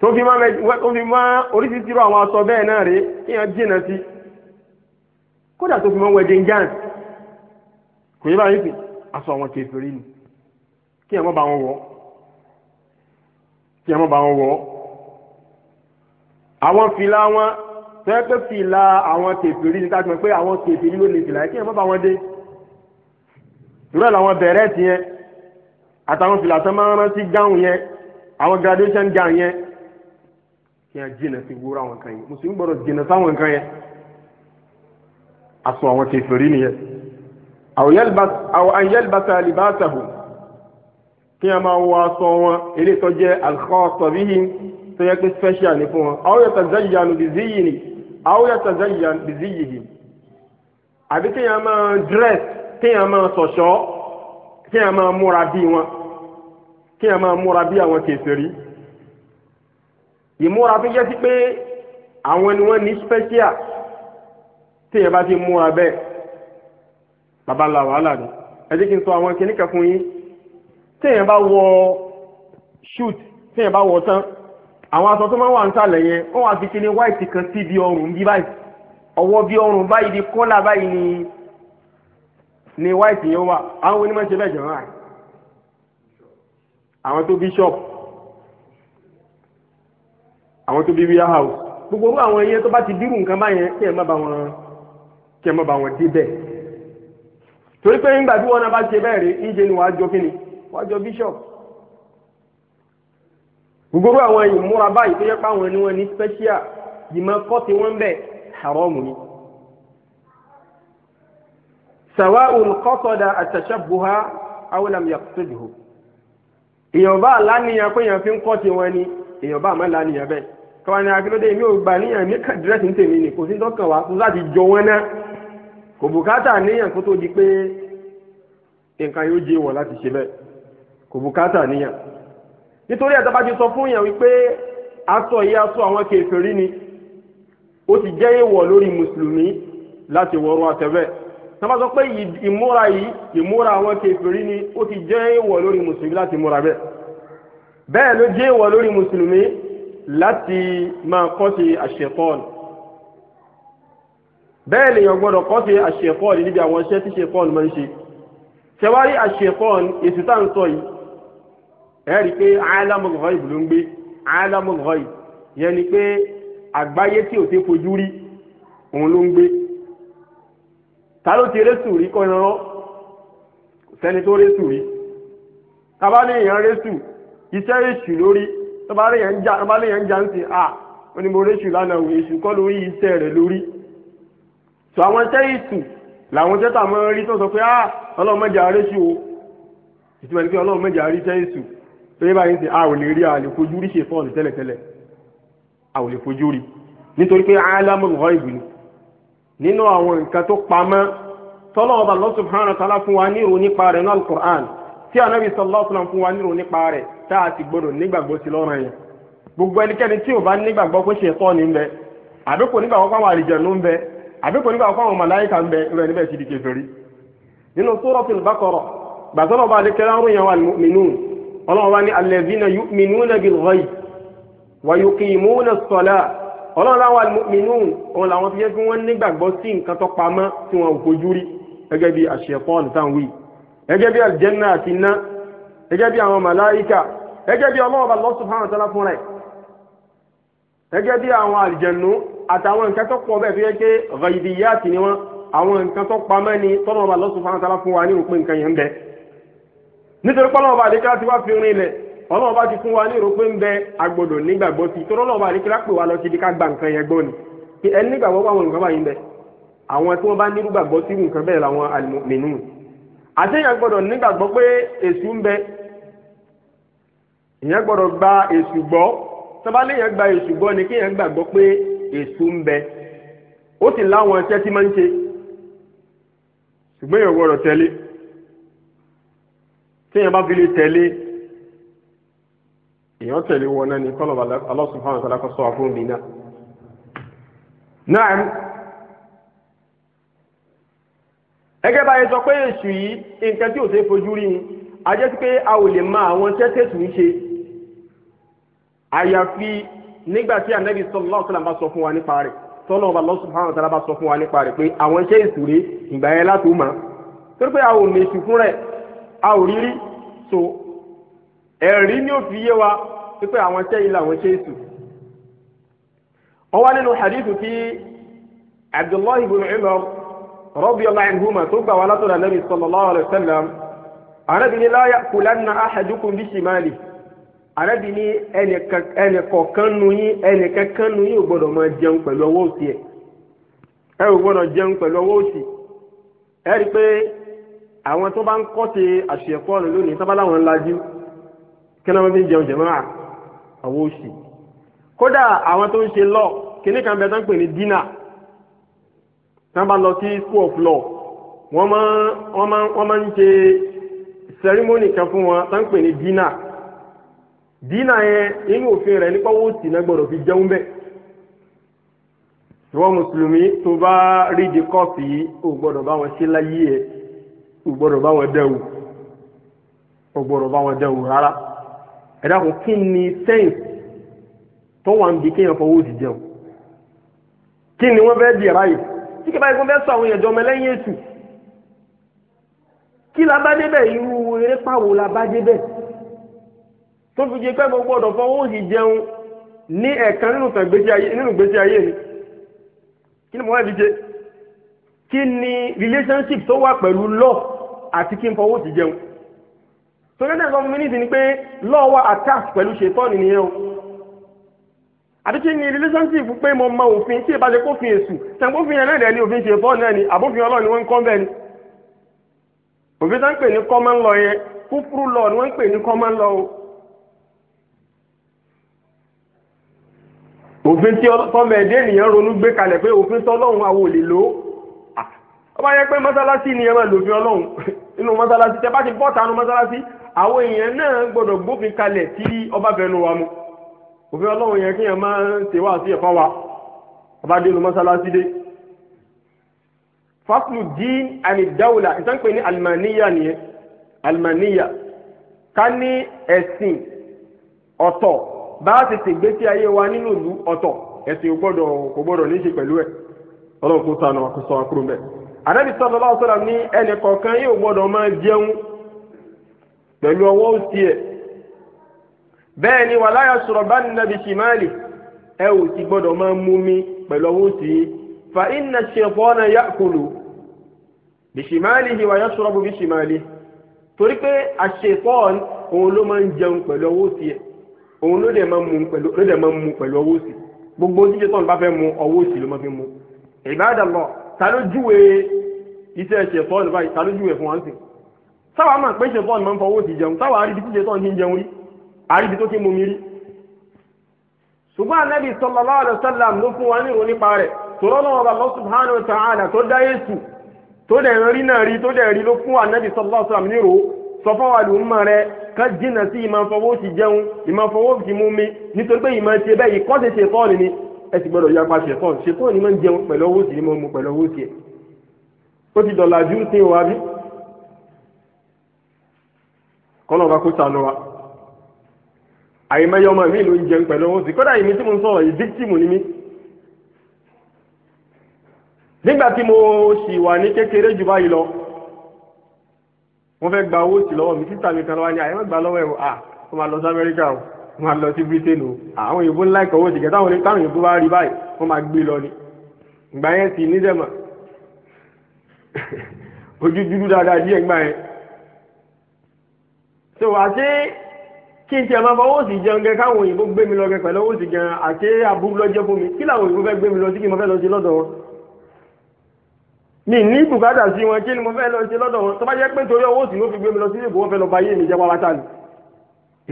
tó fi máa oríṣiríṣi irú àwọn aṣọ bẹ́ẹ̀ náà rèé kí wọ́n jìnnà sí kódà tó fi máa wedding gown kò yẹ báyìí pé aṣọ àwọn kèfèrí ni kí ẹ má bá wọn wọ̀ kí ẹ má bá wọn wọ̀ àwọn fìlà wọn tó pé fìlà àwọn kèfèrí ni ká sọ pé àwọn kèfèrí ló ní fìlà kí ẹ má bá wọn dé ìrọ̀ làwọn bẹ̀rẹ̀ ti yẹn àtàwọn filatọ́ máa rántí gáwùn yẹn àwọn graduation gown yẹn kí a jìnà sí wúrọ̀ àwọn kan yẹn mùsùlùmí gbọ́dọ̀ jìnà sáwọn kan yẹn aṣọ àwọn kẹfìrí nìyẹn àwọn ayélbàtà àlìbáṣàhù kí a máa wọ aṣọ wọn eléyìí tó jẹ́ alkhọ́ọ̀tọ̀ bíi tó yẹ pé special ni fún wọn àwọn yàtọ̀ zayyanu bí ziyi ni àwọn yàtọ̀ zayyanu bí yìí àbí kí a máa dress kéèyàn máa ṣọ̀ṣọ́ kéèyàn máa múra bí wọn kéèyàn máa múra bí àwọn kèfèrí ìmúra tó jẹ́ sí pé àwọn ni wọ́n ní special téèyàn bá ti múra bẹ́ẹ̀ bàbá ńlá wàhálà ni ẹ jẹ́ kí n sọ àwọn kìnnìkan fún yín téèyàn bá wọ shoot téèyàn bá wọ tán àwọn aṣọ tó máa ń wà nísàlẹ̀ yẹn wọ́n wá fi kíni white kan sí bí ọrùn bí báyìí ọwọ́ bí ọrùn báyìí di kọ́là báyìí ni ni white yẹn wà àwọn onímọ̀ ṣe bẹ́ẹ̀ jọ̀rọ̀ àì àwọn tó bishop àwọn tó bí real house gbogbo orú àwọn yẹn tó bá ti dírù nǹkan báyẹn kí ẹ má bá wọn kí ẹ má bá wọn dé bẹ́ẹ̀ torí pé nígbà tí wọn náà bá ṣe bẹ́ẹ̀ rí ìjẹ ni wàá jọ kí ni wàá jọ bishop gbogbo orú àwọn ìmúra báyìí tó yẹ pé àwọn ẹni wọn ní special ìmọ̀ kọ́ ti wọ́n bẹ́ẹ̀ haramu ni sawa'un qasada at-tashabbuha aw lam yaqsidhu èèyàn bá láníyàn pé èèyàn fi ń kọ́ ti wọn ni èèyàn bá máa láníyàn bẹ́ẹ̀ káwọn ní akérèdé mi ò gbà níyàn ní kàdírẹ́sì ń tèmi ni kò sí dọ́kàn wá fún láti jọ wọn náà kò bùkátà níyàn kó tó di pé nǹkan yóò jẹ́ wọn láti ṣe bẹ́ẹ̀ kò bùkátà níyàn nítorí ẹ̀ tọ́ba ti sọ fún yàn wípé aṣọ yìí aṣọ àwọn kèfèrí ni ó ti jẹ́ èèwọ̀ lórí mùsùlùmí láti wọ̀rọ̀ àtẹ̀bẹ́ẹ̀ tọ́ba sọ pé ìmúra yìí ìmúra àwọn kèfèrí ni ó ti jẹ́ èèwọ̀ lórí mùsùlùmí láti múra bẹ́ẹ̀ bẹ́ẹ̀ ló jẹ́ èèwọ̀ lórí mùsùlùmí láti máa kọ́ sí àṣepọ́ọ̀nù bẹ́ẹ̀ lèèyàn gbọ́dọ̀ kọ́ sí àṣepọ́ọ̀nù níbi àwọn iṣẹ́ tí ṣepọ́ọ̀nù máa ṣe ṣẹwárí àṣepọ́ọ̀nù èsì ta ti rẹ́sù rí kọ́ ìran sẹ́ni tó rẹ́sù rí tábà lè yàn rẹ́sù iṣẹ́ èṣù lórí tábà lè yàn já ń sìn à onímọ̀ rẹ́sù lánàá òun èṣù kọ́ lórí iṣẹ́ rẹ̀ lórí tó àwọn iṣẹ́ èṣù làwọn iṣẹ́ tà rí tó sọ pé ah ọlọ́run mẹ́jà rẹ́sù a ò lè rí a lè fojú rí a ò lè fojú rí nítorí pé nínú àwọn nǹkan tó pamọ́ tọ́lọ́ ọba Allah subhanahu wa ta'ala fún wa ní ìròyìn nípa rẹ̀ ní alukur'an tí anabi sallallahu alaihi wasallam fún wa ní ìròyìn nípa rẹ̀ tá a ti gbọdọ̀ nígbàgbọ́ sí lọ́rọ̀ yẹn gbogbo ẹnikẹ́ni tí ò bá nígbàgbọ́ pé Ṣẹ̀tánì ń bẹ àbí kò nígbàgbọ́ pé àwọn àlùjànnú ń bẹ àbí kò nígbàgbọ́ pé àwọn màláíkà ń bẹ ìwẹ̀ níbẹ̀ ti di kèfèrí nínú Suratul ọlọ́run láwọn alùmínú òun làwọn fi yẹ kí wọ́n nígbàgbọ́ sí nǹkan tó pamọ́ tí wọn ò fojú rí gẹ́gẹ́ bí àṣẹpọ́n táwọn wí gẹ́gẹ́ bí aljanna àti iná gẹ́gẹ́ bí àwọn màláíkà gẹ́gẹ́ bí ọlọ́run Allah subhanahu wa ta'ala fúnra ẹ̀ gẹ́gẹ́ bí àwọn àlìjẹ̀nú àtàwọn nǹkan tó pọ̀ bẹ́ẹ̀ fi yẹ pé ghaibiyati ni wọ́n àwọn nǹkan tó pamọ́ ni tọ́lọ́run Allah subhanahu wa ta'ala fún wa ní òpin nǹkan yẹn ń bẹ nítorí pọ́lọ́run àdékà ti wá fi rin ilẹ̀ ọlọ́run bá ti fún wa ní ìró pé ń bẹ agbọ́dọ̀ nígbàgbọ́ sí torí ọlọ́run bá níkílá pè wá lọ sí ibi ká gba nǹkan yẹn gbọ́ ni pé ẹni nígbàgbọ́ pé àwọn nǹkan báyìí ń bẹ àwọn tí wọ́n bá nírú gbàgbọ́ sí nǹkan bẹ́ẹ̀ làwọn àlùmínú àtẹ̀yìn agbọ́dọ̀ nígbàgbọ́ pé èṣù ń bẹ ìyẹn gbọ́dọ̀ gba èṣù gbọ́ tọ́balẹ̀ yẹn gba èṣù gbọ́ ni kéèyàn gbàgbọ́ pé èṣù ń bẹ ó sì láwọn iṣẹ́ tí máa ń ṣe ṣùgbọ́n èèyàn gbọ́dọ̀ tẹ̀lé téèyàn bá fi lè tẹ̀lé èèyàn tẹ̀lé wọn náà ni kọ́lọ̀ Allah subhanahu wa ta'ala kọ́ sọ wà fún mi náà. náà ẹgẹ́ báyìí sọ pé èṣù yìí nǹkan tí ò ṣe fojú rí ni a jẹ́ pé a ò lè mọ àwọn tẹ́tẹ̀sù ń ṣe àyàfi nígbà tí anabi sallallahu alaihi wasallam bá sọ fún wa nípa rẹ̀ ẹ̀rí ni ó fi yé wa pípẹ́ àwọn iṣẹ́ yìí làwọn iṣẹ́ ètò wọ́n wá nínú hadithu tí abdullahi ibn umar radiyallahu anhuma tó gbà wá látọ̀dọ̀ anabi sallallahu alayhi wa sallam anabi ni la ya'kulanna ahadukum bi shimali anabi ni ẹnìkọ̀ọ̀kan nu yín ẹnìkankan nu yín ò gbọ́dọ̀ máa jẹun pẹ̀lú ọwọ́ òsì ẹ̀ ẹ ò gbọ́dọ̀ jẹun pẹ̀lú ọwọ́ òsì rí pé àwọn tó kí ló ń jẹun jẹun náà àwọn òsì kódà àwọn tó ń ṣe lọ kíní kan bẹ tó ń pè ní dínà lọ sí school of law wọn máa wọ́n máa wọ́n máa ń ṣe sẹrímónì kan fún wọn tó ń pè ní dínà dínà yẹn nínú òfin rẹ̀ nípa owó náà fi jẹun bẹ ìwọ mùsùlùmí tó bá ò bá wọn ẹ dákun kí ni sẹ́ǹsì tó wà ń bi kéèyàn fọwọ́ òsì jẹun kí ni wọ́n fẹ́ di ẹ̀ báyìí tí kí báyìí wọ́n fẹ́ sọ àwọn èèyàn jọmọ lẹ́yìn èṣù kí la bá débẹ̀ irú eré pàwọ́ la bá débẹ̀ tó fi jẹ́ pé gbogbo ọ̀dọ̀ fọwọ́ òsì jẹun ní ẹ̀ẹ̀kan nínú ìgbésí ayé mi kí ni mo wá fi jẹ kí ni relationship tó wà pẹ̀lú lọ àti kí n fọwọ́ òsì jẹun torí náà nǹkan mímí nìyí ni pé lọ́wọ́ attack pẹ̀lú ṣètọ́ni nìyẹn o àti ni relationship pé mo mọ òfin tí ìbáṣe kó fin èṣù tẹ̀gbọ́n fi yẹn náà dẹ̀ ni òfin ṣètọ́ni náà ni àbófin ọlọ́run ni wọ́n ń kọ́ bẹ́ẹ̀ ni òfin tá ń pè ní common law yẹn kúfúrú law ni wọ́n ń pè ní common law o òfin tí ọmọ ẹ̀dẹ́ ènìyàn ronú gbé kalẹ̀ pé òfin tọ́lọ́run àwọn ò lè lò ó ah, ó bá yẹ pé mọ́sálásí ni ẹ máa lòfin ọlọ́run nínú mọ́sálásí tẹ bá ti bọ́ta nu mọ́sálásí àwọn èèyàn náà gbọ́dọ̀ gbófin kalẹ̀ tí ọba bẹnu wa mu òfin ọlọ́run yẹn kéèyàn máa ń tèwá sí ẹ̀fọ́ wa ọba dénú mọ́sálásí dé faslu dín àní ìtànpẹ̀ ní alimaniya nìyẹn alimaniya ká ní ẹ̀sìn ọ̀tọ̀ bá a tètè gbé sí ayé wa nínú ìlú ọ̀tọ̀ ẹ̀sìn kò gbọ́dọ̀ ní í ṣe pẹ̀lú ẹ̀ pẹ̀lú ọwọ́ òsì ẹ̀ bẹ́ẹ̀ ni wàlá yasrabanna bi shimali ẹ ò ti gbọ́dọ̀ máa mú mi pẹ̀lú ọwọ́ òsì yìí fa inna shaytana ya'kulu bi shimalihi wa yashrabu bi shimalihi torí pé àṣepọ́n òun ló máa ń jẹun pẹ̀lú ọwọ́ òsì ẹ̀ òun ló dẹ̀ máa mú pẹ̀lú ló dẹ̀ máa gbogbo jíjẹ tó ń bá fẹ́ mu ọwọ́ òsì ló máa fi mu ìbádàlọ́ táwa máa pé ṣe tọ́ni máa ń fọwọ́ sí jẹun táwa àríbi tí ṣe tọ́ni ti ń jẹun rí àríbi tó ti mú rí. ṣùgbọ́n anábì sallallahu alaihi wasallam ló fún wa ní ìròyìn nípa rẹ̀ tòrọ́ náà ọba Allah subhanahu wa ta'ala tó dá Jésù tó dẹ̀ ń rí náà rí tó dẹ̀ rí ló fún anábì sallallahu alaihi wasallam ní ìrò sọ fún wa lùmọ rẹ ká jìnnà sí ìmọ̀ fọwọ́ sí jẹun ìmọ̀ fọwọ́ sí mú mi nítorí pé ìmọ̀ ṣe bẹ́ẹ̀ ìkọ́ ṣe ṣe tọ́ni ni ẹ ti gbọ́dọ̀ yapa ṣe tọ́ni ṣe máa ń jẹun pẹ̀lú owó sí ni mo mú pẹ̀lú owó sí ẹ̀ ó ti dọ̀là ju sí wa bí kọ́lọ̀ bá kó sànù wa àyèmẹyẹ ọmọ mi ló ń jẹun pẹ̀lú owó sí kódà èmi tí mo ń sọ̀rọ̀ yìí díktìmù ni mí nígbà tí mo sì wà ní kékeré jù báyìí lọ wọ́n fẹ́ gba owó sí lọ́wọ́ mi títà mi kan lọ́wọ́ ni àyẹ̀mẹ́ gba lọ́wọ́ ẹ̀ wọ́n à wọ́n máa lọ sí Amẹ́ríkà o wọ́n máa lọ sí Britain o ah, àwọn òyìnbó ńlá ìkọ̀ owó tìkẹ́ táwọn táwọn òyìnbó bá rí báyìí wọ́n máa gbé lọ ni ìgbà yẹn sì ní dẹ̀mọ̀ ojú dúdú dáadáa díẹ̀ gbà yẹn so àti kí n tiẹ̀ máa fọ owó sì jẹun gẹ káwọn òyìnbó gbé mi lọ gẹ pẹ̀lú owó sì jẹun àti àbúrú lọ́jọ́ fún mi kí làwọn òyìnbó fẹ́ gbé mi lọ sí kí mo fẹ́ lọ sí lọ́dọ̀ wọn mi ní bùkátà sí wọn kí ni mo fẹ́ lọ ṣe lọ́dọ̀ wọn tó bá jẹ́ pé torí owó sì ló fi gbé mi lọ sí ìbò wọn fẹ́ lọ ba yé mi jẹ́ wàrátà ni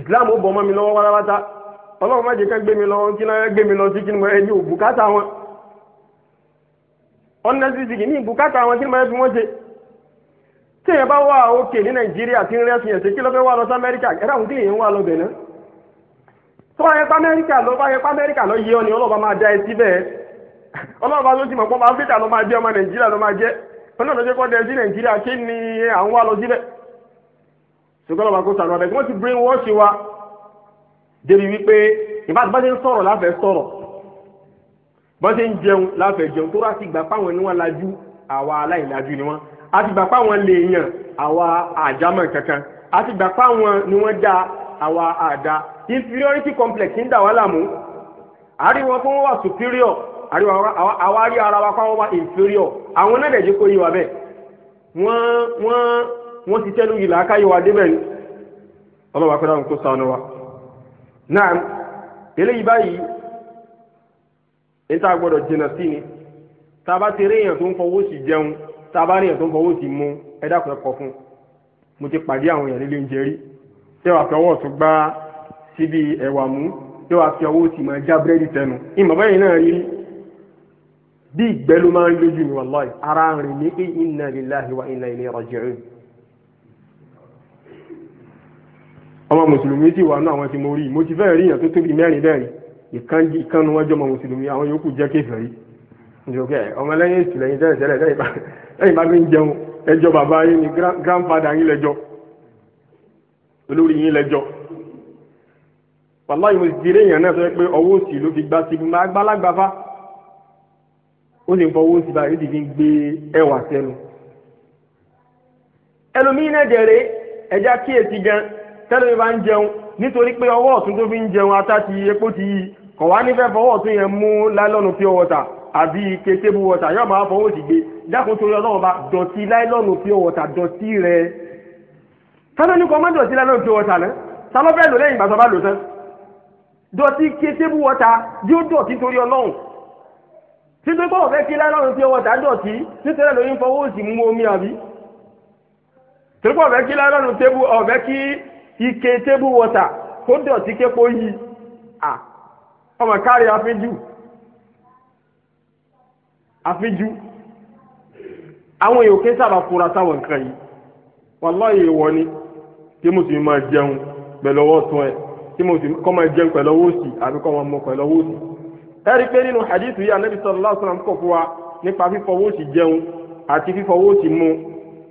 ìsìláàmù ó bọ̀ mọ́ mi lọ́wọ́ wàrátà ọlọ́run má jẹ́ ni mo ẹni ò bùkátà tí èèyàn bá wà òkè ní nàìjíríà tí ń rẹ́sìn ẹ̀sìn kí ló fẹ́ wà lọ sí amẹ́ríkà ẹ̀rọ àwọn kílì yẹn wà lọ bẹ̀rẹ̀ tó bá yẹ pa amẹ́ríkà lọ bá yẹ pa amẹ́ríkà lọ yẹ ọ ni ọlọ́ba máa da ẹtí bẹ́ẹ̀ ọlọ́ba ló ti mọ̀ pọ́n áfíríkà ló máa jẹ́ ọmọ nàìjíríà ló máa jẹ́ pẹ̀lú ọ̀dọ́ jẹ́ kọ́ dẹ́ sí nàìjíríà kí ni àwọn wà lọ síbẹ̀ ṣùgbọ́n ọba kò sànù abẹ́ wọ́n ti brain wash wa débi wípé ìbáṣe bá ṣe ń sọ̀rọ̀ láfẹ̀ẹ́ sọ̀rọ̀ bá ṣe ń jẹun láfẹ̀ẹ́ jẹun tó rà sí ìgbà páwọn ẹni wọn lajú àwa aláìlajú ni wọn a ti gbà pa àwọn lèèyàn àwa àjámọ̀ kankan a ti gbà ni wọ́n dá àwa àdá inferiority complex ń dà wá láàmú àríwá wọn wà superior àríwá àwa rí ara wa kó wọ́n wà inferior àwọn náà dẹ̀jẹ̀ kó yí wa bẹ́ẹ̀ wọ́n wọ́n wọ́n ti tẹ́lu yìí làákà yí wa débẹ̀ ni ọlọ́wà kọ́dà ń kó sànù wa náà eléyìí báyìí níta gbọ́dọ̀ jìnnà sí ni tá a bá ti rí èèyàn tó ń fọwọ́ sí jẹun tá a bá ní ẹ̀tọ́ ń fọwọ́ sí mú ẹ dákun ẹ kọ fún un mo ti pàdé àwọn èèyàn nílé oúnjẹ rí tí wàá fi ọwọ́ tún gbá síbi ẹ̀wà mú tí wàá fi ọwọ́ tì máa já búrẹ́dì tẹnu ìmọ̀ báyìí náà rí bí ìgbẹ́ ló máa ń lójú mi wàláì ara rìn ní pé inna lillahi wa inna ilayhi raji'un ọmọ mùsùlùmí sì wà náà àwọn tí mo rí mo ti fẹ́ rí èèyàn tó tóbi mẹ́rin bẹ́ẹ̀ ìkànnì wọn jọmọ mùsùlùmí àwọn yòókù jẹ́ kéfèé ǹjọ́kẹ́ ọmọlẹ́yìn èsì lẹ́yìn tẹ́lẹ̀ tẹ́lẹ̀ lẹ́yìn bá fi ń jẹun ẹjọ́ bàbá yín ni grandfather yín lẹ́jọ́ olórí yín lẹ́jọ́ wàláyé mo ti rí èèyàn náà sọ pé ọwọ́ òsì ló fi gbá sí máa gbálágbá fá ó sì ń fọwọ́ òsì báyìí ó sì fi ń gbé ẹwà sẹ́nu ẹlòmíín náà dẹ̀rẹ̀ ẹja kíyèsí gan tẹ́lẹ̀ mi bá ń jẹun nítorí pé ọwọ́ ọ̀tún tó fi ń jẹun ata ti epo ti yí kọ̀ wá nífẹ̀ẹ́ fọwọ́ ọ̀tún yẹn mú lálọ́nu pure water àbí ike tébù wọ́tà yóò máa fọwọ́ sí gbé dákun torí ọlọ́run bá dọ̀tí láìlọ́nù pure water dọ̀tí rẹ̀ sálọ́ ní kọ́ má dọ̀tí láìlọ́nù pure water náà sálọ́ fẹ́ lò lẹ́yìn ìgbà tó bá lò tán dọ̀tí ike tébù wọ́tà yóò dọ̀tí torí ọlọ́run títí pé òfé kí láìlọ́nù pure water dọ̀tí nítorí lóyún fọwọ́ sí mú omi àbí títí pé òfé kí láìlọ́nù tébù òfé kí ike tébù wọ́tà kó dọ̀tí képo yìí ọmọ kárí afẹ́jú àfijù àwọn èèyàn kí sábà fura sáwọn nǹkan yìí wàláyé ìwọ ni kí mùsùlùmí máa jẹun pẹ̀lú ọwọ́ tún ẹ kí mùsùlùmí kọ́ máa jẹun pẹ̀lú ọwọ́ òsì àbí kọ́ máa mọ pẹ̀lú ọwọ́ òsì. ẹ rí i pé nínú hadith yìí anabi sallallahu alaihi wasallam kọ̀ fún wa nípa fífọwọ́ òsì jẹun àti fífọwọ́ òsì mu.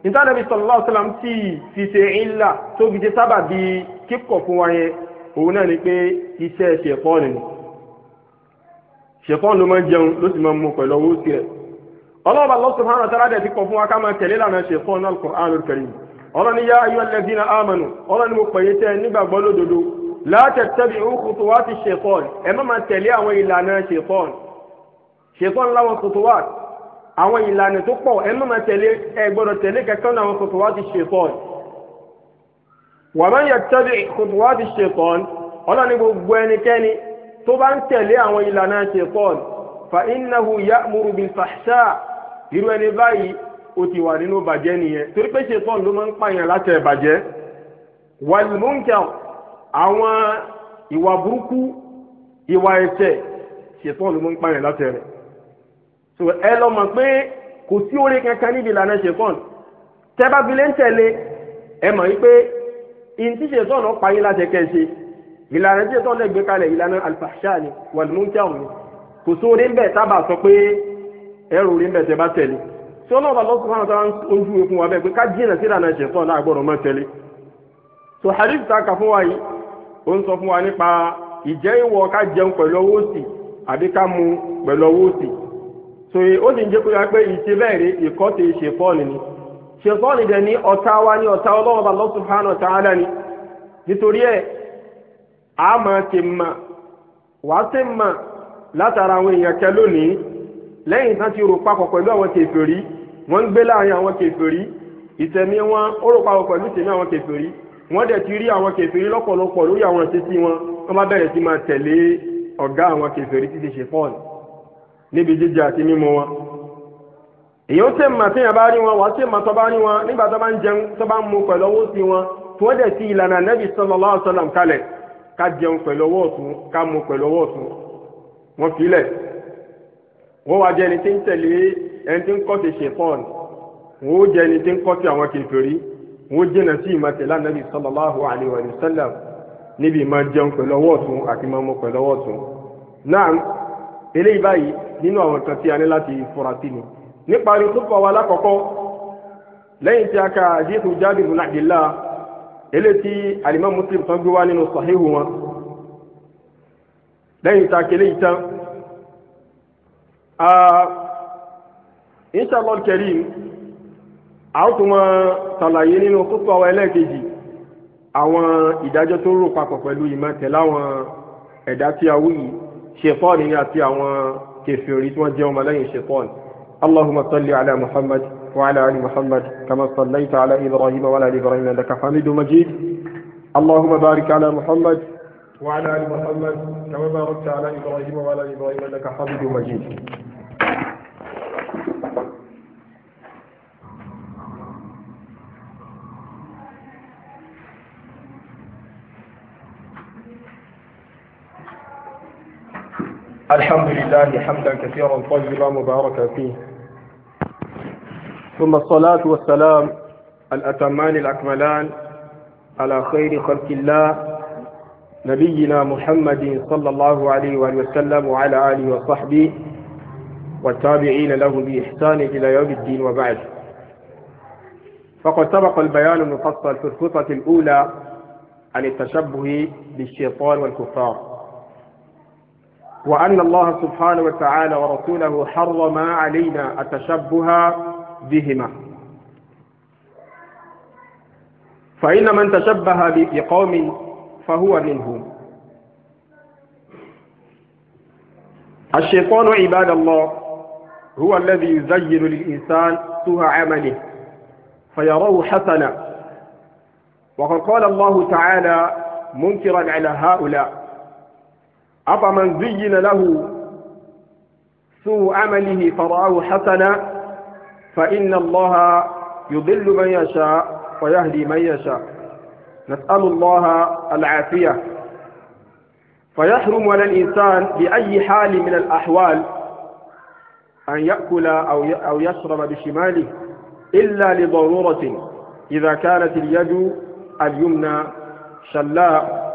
níta anabi sallallahu alaihi wasallam tí fi ṣe ìlà tó fi ṣe sábà bíi kíkọ̀ fún wa yẹn òun náà ni pé iṣẹ́ ṣe ẹ̀kọ́ nìyẹn ṣẹ̀fọ́n ló máa ń jẹun ló sì máa ń mu pẹ̀lú owó tirẹ̀ ọlọ́ọ̀bà Allah subhanahu wa ta'ala dẹ̀ ti kọ̀ fún wa ká máa tẹ̀lé lànà ṣẹ̀fọ́n náà Al-Qur'anul Karim ọlọ́ni yá ayọ́ alladhina amanu ọlọ́ni mo pẹ̀yẹ tẹ́ nígbàgbọ́ lódodo la tattabi'u khutuwati ṣẹ̀fọ́n ẹ má máa tẹ̀lé àwọn ìlànà ṣẹ̀fọ́n ṣẹ̀fọ́n láwọn khutuwat àwọn ìlànà tó pọ̀ ẹ má máa tẹ̀lé ẹ tó bá ń tẹ̀lé àwọn ìlànà ṣèkọ́ọ̀n fa innahu ya'muru bil fahsha irú ẹni báyìí ó ti wà nínú bàjẹ́ nìyẹn torí pé ṣèkọ́ọ̀n ló máa ń pààyàn láti ẹ̀ bàjẹ́ wal munkar àwọn ìwà burúkú ìwà ẹ̀ṣẹ̀ ṣèkọ́ọ̀n ló máa ń pààyàn láti rẹ̀ so ẹ lọ mọ̀ pé kò sí oore kankan níbi ìlànà ṣèkọ́ọ̀n tẹ́ bá ń tẹ̀lé ẹ mọ̀ wípé ìǹtíṣèkọ́ọ̀n náà pààyàn láti ẹ̀kẹ́ ṣe ìlànà tí ètò ọ̀lẹ́gbẹ́ kalẹ̀ ìlànà alfàṣà ni wàlúmúkẹ́ ọ̀hún kò sóore ń bẹ̀ sábà sọ pé ẹrù rí tẹ bá tẹ̀lé tí lọ́sùn fún àwọn ojú wa bẹ́ẹ̀ pé ká jìnà sí ìlànà ìṣẹ̀tọ́ náà gbọ́dọ̀ mọ́ tẹ̀lé tó hadith fún wa yìí ó ń sọ fún wa nípa ìjẹ́ ká jẹun pẹ̀lú mu pẹ̀lú tó ó sì ń jẹ́ pé pé ìṣe bẹ́ẹ̀ ni ṣe a ma ti mọ̀ wá sí mọ̀ látara àwọn èèyàn kẹ lónìí lẹ́yìn tán ti rò papọ̀ pẹ̀lú àwọn kèfèrí wọ́n ń gbé láàrin àwọn kèfèrí ìtẹ̀mí wọn ó rò papọ̀ pẹ̀lú ìtẹ̀mí àwọn kèfèrí wọ́n dẹ̀ ti rí àwọn kèfèrí lọ́pọ̀lọpọ̀ lórí àwọn ìṣesí wọn wọ́n bá bẹ̀rẹ̀ sí máa tẹ̀lé ọ̀gá àwọn kèfèrí títí ṣe fọ́ọ̀n níbi jíjẹ àti mímu wọ́n dẹ̀ ti ìlànà ká jẹun pẹ̀lú ọwọ́ ọ̀tún ká mu pẹ̀lú ọwọ́ ọ̀tún wọ́n fi lẹ̀ wọ́n wá jẹ́ ẹni tí ń tẹ̀lé ẹni tí ń kọ́sẹ̀ ṣe wọ́n ó tí ń kọ́sẹ̀ àwọn kèfèrí wọ́n ó sí ìmọ̀tẹ̀lá nàbì sallallahu alaihi wa sallam níbi ìmọ̀ jẹun pẹ̀lú ọwọ́ ọ̀tún àti ìmọ̀ mu pẹ̀lú ọwọ́ ọ̀tún náà eléyìí báyìí nínú àwọn nǹkan tí a ní láti fura sí eléyìí alimọ muslim tán gbé wá nínú sahihu wọn lẹ́yìn tá a kele yìí tán inshallah karim a ó tún máa ṣàlàyé nínú kókó àwọn ẹlẹ́ẹ̀kejì àwọn ìdájọ́ tó rò papọ̀ pẹ̀lú ìmọ̀tẹ̀ láwọn ẹ̀dá tí a wú yìí ṣèpọ́ọ̀nì àti àwọn kẹfìrí tí wọ́n jẹ́ ọmọ lẹ́yìn ṣèpọ́ọ̀nì allahumma salli ala muhammad. وعلى آل محمد كما صليت على إبراهيم وعلى آل إبراهيم إنك حميد مجيد اللهم بارك على محمد وعلى آل محمد كما باركت على إبراهيم وعلى آل إبراهيم إنك حميد مجيد الحمد لله حمدا كثيرا طيبا مباركا فيه ثم الصلاة والسلام الأتمان الأكملان على خير خلق الله نبينا محمد صلى الله عليه وآله وسلم وعلى آله وصحبه والتابعين له بإحسان إلى يوم الدين وبعد فقد سبق البيان المفصل في الخطة الأولى عن التشبه بالشيطان والكفار وأن الله سبحانه وتعالى ورسوله حرم علينا التشبه بهما فإن من تشبه بقوم فهو منهم الشيطان عباد الله هو الذي يزين للإنسان سوء عمله فيروه حسنا وقد قال الله تعالى منكرا على هؤلاء أفمن زين له سوء عمله فرآه حسنا فإن الله يضل من يشاء ويهدي من يشاء نسأل الله العافية فيحرم على الإنسان بأي حال من الأحوال أن يأكل أو يشرب بشماله إلا لضرورة إذا كانت اليد اليمنى شلاء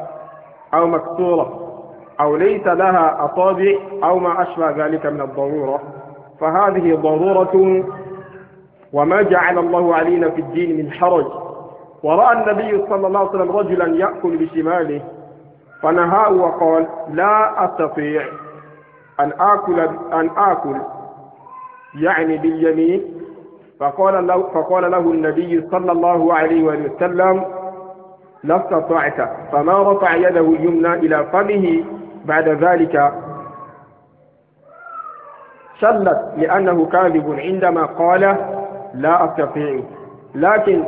أو مكسورة أو ليس لها أصابع أو ما أشبه ذلك من الضرورة فهذه ضرورة وما جعل الله علينا في الدين من حرج ورأى النبي صلى الله عليه وسلم رجلا يأكل بشماله فنهاه وقال لا أستطيع أن آكل أن آكل يعني باليمين فقال له فقال له النبي صلى الله عليه وسلم لا استطعت فما رفع يده اليمنى إلى فمه بعد ذلك شلت لأنه كاذب عندما قال لا أستطيع لكن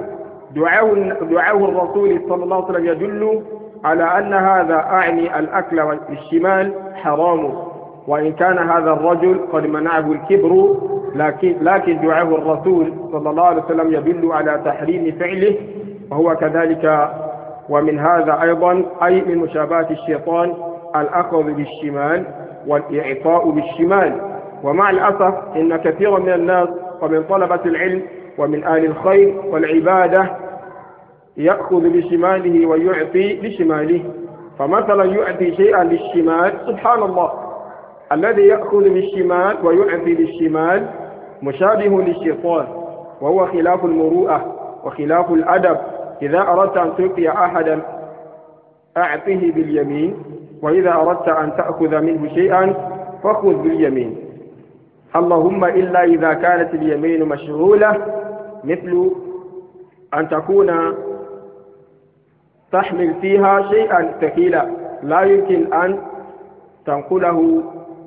دعاه الرسول صلى الله عليه وسلم يدل على أن هذا أعني الأكل والشمال حرام وإن كان هذا الرجل قد منعه الكبر لكن لكن دعاه الرسول صلى الله عليه وسلم يدل على تحريم فعله وهو كذلك ومن هذا أيضا أي من مشابهة الشيطان الأخذ بالشمال والإعطاء بالشمال ومع الأسف إن كثيرا من الناس ومن طلبة العلم ومن آل الخير والعبادة يأخذ بشماله ويعطي بشماله فمثلا يعطي شيئا للشمال سبحان الله الذي يأخذ بالشمال ويعطي بالشمال مشابه للشيطان وهو خلاف المروءة وخلاف الأدب إذا أردت أن تعطي أحدا أعطه باليمين وإذا أردت أن تأخذ منه شيئا فخذ باليمين اللهم إلا إذا كانت اليمين مشغولة مثل أن تكون تحمل فيها شيئا ثقيلا لا يمكن أن تنقله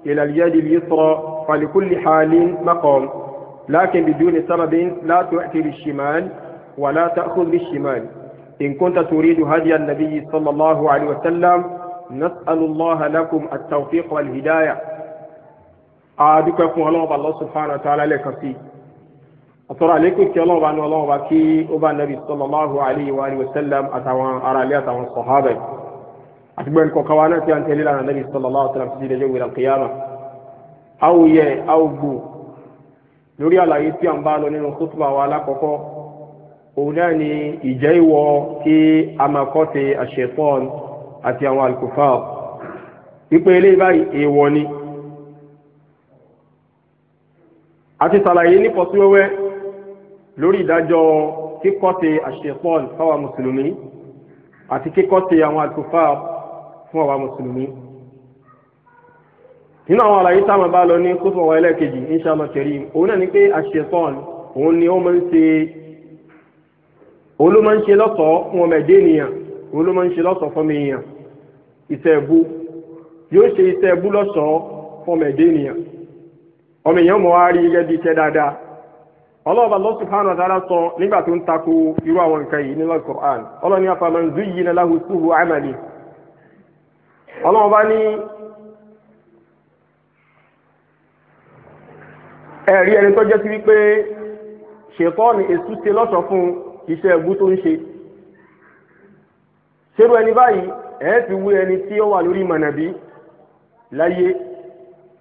إلى اليد اليسرى فلكل حال مقام لكن بدون سبب لا تؤتي بالشمال ولا تأخذ بالشمال إن كنت تريد هدي النبي صلى الله عليه وسلم نسأل الله لكم التوفيق والهداية àdúpẹ́ fún ọlọ́run bá Allah subhanahu wa ta'ala lẹ́ẹ̀kan sí i àtọ́rọ̀ àlékún kí ọlọ́run bá ní ọlọ́run bá kí ó bá nàbì sallallahu alayhi wa alihi wa sallam àtàwọn ará ilé àtàwọn sọ̀hábà àti gbẹ̀rù kọ̀ọ̀kan wa náà ti à ń tẹ̀lé lánà nàbì sallallahu alayhi wa sallam sí ìdẹ́jọ́ ìwé al-qiyama. àwòyẹ àwògbò lórí àlàyé tí à ń bá lọ nínú khutba wa alákọ̀ọ́kọ́ òun náà ni ìjẹ́ ìwọ kí a máa kọ́ ti àṣetán àti àwọn al-kufar báyìí èèwọ̀ ni àti sàlàyé ní pọ̀síwẹ́wẹ́ lórí ìdájọ́ kíkọ́tè àṣepọ́n fáwọn mùsùlùmí àti kíkọ́tè àwọn àtúfà fún àwọn mùsùlùmí. nínú àwọn àlàyé táwọn bá lọ ní kóso ọ̀wá ẹlẹ́ẹ̀kejì inṣàlá karim òun náà ni pé àṣepọ́n òun ni ó máa ń ṣe òun ló máa ń ṣe lọ́sọ̀ọ́ fún ọmọ ẹ̀dẹ́ ènìyàn òun máa ń ṣe lọ́sọ̀ọ́ fún ọmọ èèyàn ìṣẹ́ yóò ṣe iṣẹ́ lọ́sọ̀ọ́ fún ọmọ ẹ̀dẹ́ ènìyàn ọmọ èèyàn mọ̀ wá rí gẹ́gẹ́ bí iṣẹ́ dáadáa ọlọ́ọ̀bà Allah sọ nígbà tó ń iru irú àwọn nǹkan yìí nínú Al-Qur'an ọlọ́ọ̀ni afaman zuyyina lahu amali ọlọ́ọ̀bá ní ẹ̀rí ẹni tó jẹ́ sí wípé ṣètọ́ọ̀nì èṣù ṣe lọ́sọ̀ fún iṣẹ́ ẹ̀gbú tó ń ṣe ṣerú ẹni báyìí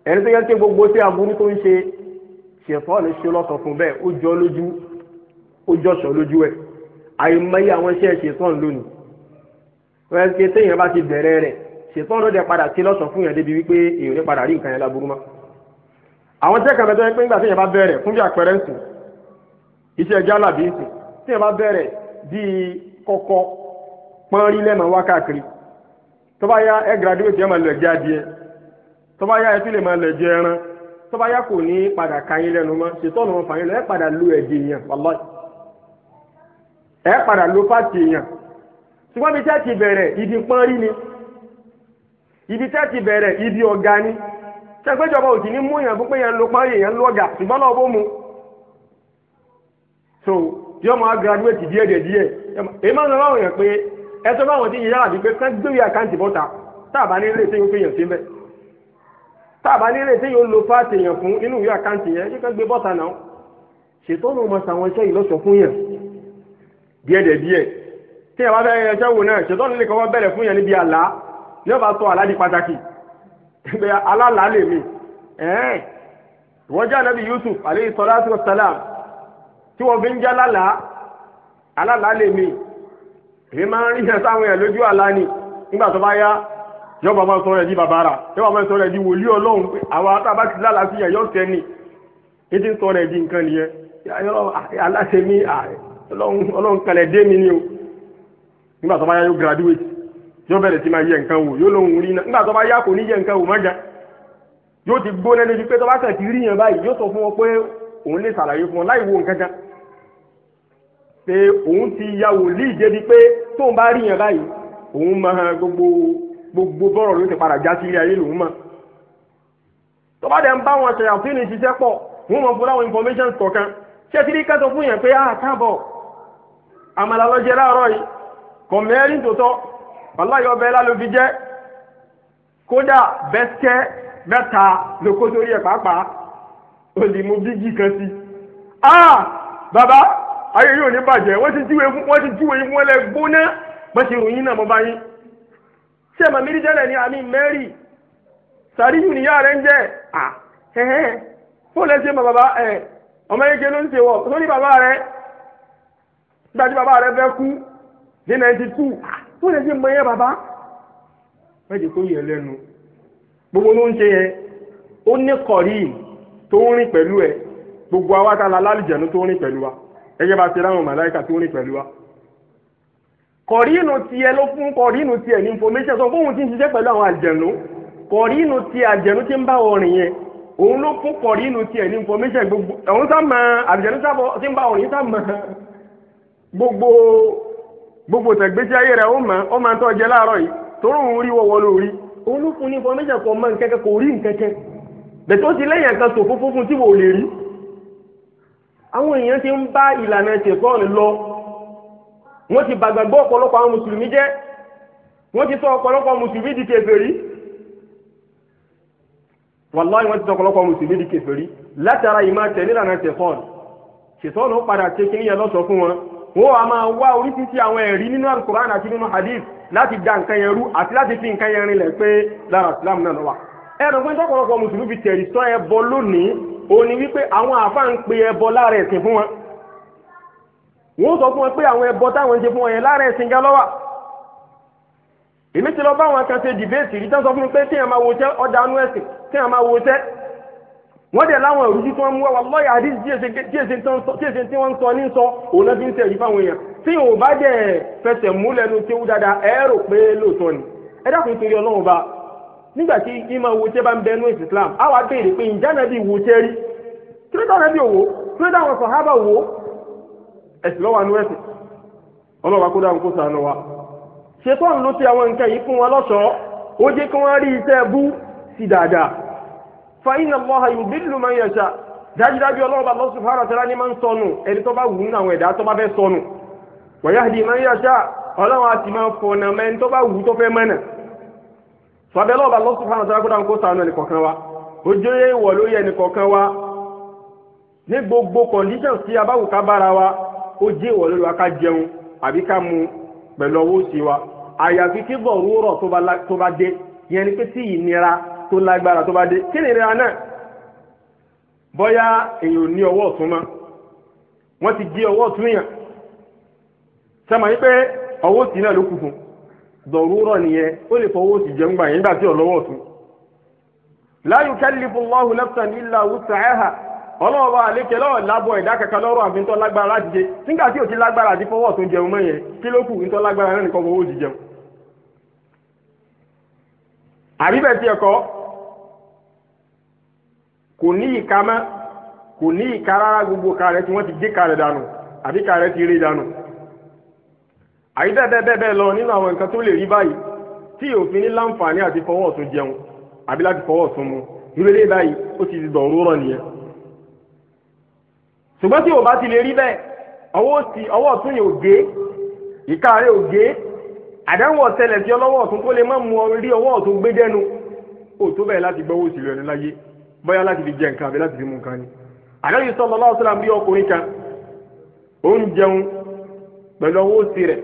ẹni tó yẹ kí gbogbo tí aburú tó ń ṣe ṣẹ̀fọ́ lè ṣe lọ́sọ̀ fún bẹ́ẹ̀ ó jọ lójú ó jọ̀ṣọ̀ lójú ẹ̀ àìmọye àwọn iṣẹ́ ṣètọ́n lónìí wọ́n ṣe téèyàn bá ti bẹ̀rẹ̀ rẹ̀ ṣètọ́n ló dẹ̀ padà sí lọ́sọ̀ fún yẹn débi wípé èèyàn lè padà rí nǹkan yẹn láburú mọ́ àwọn iṣẹ́ kan bẹ̀rẹ̀ pé nígbà téèyàn bá bẹ̀rẹ̀ fún bí àpẹẹrẹ ń sùn iṣẹ́ jálàbí ń sùn téèyàn bá bẹ̀rẹ̀ bíi kọ́kọ́ pọ́nrí lẹ́mọ̀ wákàkiri tó bá yá ẹ graduate ẹ máa lọ ẹ̀jẹ̀ adìẹ tọba ya yá ẹ tún lè máa lẹ̀ jẹ ẹran tó bá kò ní padà ka yín lẹ́nu mọ́ ṣètọ́nù wọn fàyín ẹ padà lu ẹ̀jẹ̀ èèyàn wàláì ẹ padà lu fáàtì èèyàn ṣùgbọ́n ibi ti bẹ̀rẹ̀ ibi pọ́nrí ni ibi ti bẹ̀rẹ̀ ibi ọ̀gá ni tẹ́gbẹ́jọba ò sì mú yàn táàbà nílé tí yóò lo fáàtì èèyàn fún inú ìwé àkáǹtì yẹn yóò kàn gbé bọ́ta náà ṣètọ́nù ọmọ sàwọn iṣẹ́ ìlọ́sọ̀ fún yàn díẹ̀dẹ̀ díẹ̀ tí ẹ bá bẹ́ẹ̀ ẹṣẹ́ wò náà ṣètọ́nù lè kọ́kọ́ bẹ̀rẹ̀ fún yàn níbi àlá ní ọba sọ àlá di pàtàkì ẹgbẹ́ alálàá lè mi ẹ̀ẹ́n wọ́n jẹ́ ànábì Yusuf alayhi salatu wa salam tí wọ́n fi ń jẹ́ alálàá alálàá lè mi èmi máa ń rí yọba máa sọ rẹ̀ di babara yọba máa sọ rẹ̀ di wòlíì ọlọ́run pé àwọn atábá ti lálàáfíà yọ sẹ́ni ètí ń sọ rẹ̀ di nǹkan nìyẹn aláṣẹ mi ọlọ́run kalẹ̀ dé mi ni o nígbà tó bá yá yóò graduate yóò bẹ̀rẹ̀ sí máa yẹ nǹkan wò yóò lóhun rí náà nígbà tó bá yá kò ní yẹ nǹkan wò mọ́jà yóò ti gbóná lójú pé tó bá kàn ti rí yẹn báyìí yóò sọ fún wọn pé òun lè ṣàlàyé fún wọn láì wo nǹkan kan pé òun ti ya wòlíì débi pé tóun bá rí yẹn báyìí òun máa gbogbo gbogbo bọ́rọ̀ ló ti padà já sí ilé ayé lòún mọ̀ tó bá dẹ̀ ń bá wọn ṣe àfihàn ìṣiṣẹ́ pọ̀ wọ́n mọ̀ fún láwọn information kọ̀ọ̀kan ṣé tí ká sọ fún yẹn pé ah káàbọ̀ àmàlà lọ́jẹ́ láàárọ̀ yìí kò mẹ́rin tòótọ́ wàláyé ọbẹ̀ ẹlá jẹ́ kódà bẹ́tẹ́ mẹ́ta lóko torí ẹ̀ pàápàá ó lè mú bígì kan sí ah bàbá ayé yóò ní bàjẹ́ wọ́n ti jíwèé fún wọ́n ti jíwèé fún ẹlẹ́gbóná bọ́sẹ̀ ìròyìn náà mo bá yín ṣé màmí rí tẹ́lẹ̀ ní àmì mẹ́rì sàríyù níyà rẹ̀ ń jẹ́ à ẹ̀hẹ́n fóònù ẹ̀ ṣe mọ̀ bàbá ẹ̀ ọmọ yẹn ké ló ń ṣe wọ̀ tó ní bàbá rẹ̀ nígbà tí bàbá rẹ̀ fẹ́ kú ní ninety two fóònù ẹ̀ ṣe mọ̀ yẹn bàbá mẹ́jẹ̀ kó yẹ lẹ́nu gbogbo ló ń ṣe yẹn ó ní kọ̀rí tó ń rìn pẹ̀lú ẹ̀ gbogbo awátálá lálìjẹ̀nu tó ń rìn pẹ̀lú wa ẹ̀yẹ́ bá ti ráhùn màláìkà tó ń rìn pẹ̀lú wa kọ̀rínù tiẹ̀ ló fún kọ̀rínù tiẹ̀ ní information sọ fóun ti ń ṣiṣẹ́ pẹ̀lú àwọn àjẹ̀nú kọ̀rínù tiẹ̀ àjẹ̀nú ti ń bá ọ̀rìn yẹn òun ló fún kọ̀rínù tiẹ̀ ní information gbogbo òun sá mọ àjẹ̀nú ti ń bá ọ̀rìn yẹn sá mọ gbogbo gbogbo tẹ̀gbésí ayé rẹ̀ ó mọ ó máa ń tọ́ jẹ láàárọ̀ yìí torí òun rí wọ́wọ́ lórí òun ló fún ní information kọ̀ mọ nkẹ́kẹ́ kò rí nkẹ́kẹ́ bẹ̀tọ́ ti lẹ́yìn àkan sòfófó fún tí wò lè rí àwọn wọ́n ti bàgbàgbọ́ ọ̀pọ̀lọpọ̀ àwọn musulmi jẹ́ wọ́n ti sọ ọ̀pọ̀lọpọ̀ musulmi di keferi wàláyé wọ́n ti sọ ọ̀pọ̀lọpọ̀ musulmi di kèfèrí látara ìmọ̀ tẹ̀lélànà tẹ̀fọ́n ṣètọ́nù padà na kí níyẹn lọ́sọ̀ fún wọn wọ́n wàá máa wá oríṣiríṣi àwọn ẹ̀rí nínú alukoran àti nínú hadith láti da nǹkan yẹn rú àti láti fi nǹkan yẹn rinlẹ̀ pé lára islam náà wà ẹnu fi tẹ̀rí sọ ẹbọ lónìí òní wípé àwọn àfa ń pe ẹbọ wọ́n sọ fún wọn pé àwọn ẹbọ táwọn ń ṣe fún wọn yẹn lára ẹ̀sìn gan lọ́wọ́ èmi ti lọ bá àwọn kan ṣe dìbéètì rí tán sọ fún mi pé téèyàn máa wo iṣẹ́ ọjà anú ẹ̀sìn téèyàn máa wo iṣẹ́ wọ́n dẹ̀ láwọn ìrújú tí wọ́n mú wá lọ́ọ̀yà àdìs díẹ̀sẹ̀ tí wọ́n ń sọ ní sọ òun náà fi ń tẹ̀ yí fáwọn èèyàn tí ò bá dẹ̀ fẹsẹ̀ mú lẹ́nu tí ó dáadáa ẹ rò pé lóòótọ́ ni ẹ dákun torí ọlọ́run ba nígbà tí ìmọ̀ wo iṣẹ́ bá ń bẹnu Islam á wàá béèrè pé ǹjẹ́ nàbí wo iṣẹ́ rí kí ló dáwọn nàbí òwò kí ló dáwọn sàhábà òwò ẹ̀sìn lọ́wọ́ àánú ẹ̀sìn ọlọ́wà kó dáhùn kó sànù wa. ṣetán ló ti àwọn nǹkan yìí fún wọn lọ́ṣọ̀ọ́ ó jẹ́ kí wọ́n rí iṣẹ́ bú sí dáadáa. fa inna Allaha yudillu dájúdájú wa ní máa ń sọnù ẹni tó bá wù ú àwọn ẹ̀dá tó bá fẹ́ sọnù. wa yahdi man yasha ọlọ́wọ́ àti máa fọ̀nà mẹ́ni tó bá wù tó fẹ́ mẹ́nà. ó jẹ́ ìwọ̀ lórí wa ká jẹun àbí ká mu pẹ̀lú owó òsì wa àyàfi kí bọ̀ rúrọ̀ tó bá dé yẹn ni pé tí ìnira tó lágbára tó bá dé kí ni ìnira náà bọ́yá èèyàn ò ní ọwọ́ ọ̀tún mọ́ wọ́n ti gé ọwọ́ ọ̀tún yàn sẹ́mọ̀ yí pé ọwọ́ òsì náà ló kù fún nìyẹn ó lè fọwọ́ jẹun gbà yẹn nígbà tí ọ̀tún la wus'aha ọlọ́wọ́ bá àlékè lọ́wọ́ lábọ̀ ìdá kankan lọ́rọ̀ àfi ń tọ́ lágbára láti jẹ nígbà tí ò ti lágbára àti fọwọ́ tó ń jẹun mọ́ yẹn kí ló kù ń tọ́ lágbára náà nìkan fọwọ́ jẹun. àbíbẹ̀ ti ẹ̀kọ́ kò ní ìka mọ́ kò ní ìka rárá gbogbo ka rẹ̀ tí wọ́n ti gé ka rẹ̀ dànù àbí ka rẹ̀ ti rí dànù. àyí lọ nínú àwọn nǹkan tó lè rí báyìí tí ṣùgbọ́n tí o bá ti lè rí bẹ́ẹ̀ ọwọ́ òsì ọwọ́ ọ̀tún oge ò gé ìka rẹ̀ ò gé àdánwò ọ̀tẹlẹ̀ sí ọlọ́wọ́ ọ̀tún kó lè má mú ọ rí ọwọ́ ọ̀tún gbé dẹ́nu ó tó bẹ́ẹ̀ láti gbọ́ òsì rẹ̀ láyé bóyá láti fi jẹ nǹkan àbí láti fi mú nǹkan ni. àdáyé sọ́lọ́ lọ́wọ́ sọ́lá bí ọkùnrin kan ó ń jẹun pẹ̀lú ọwọ́ òsì rẹ̀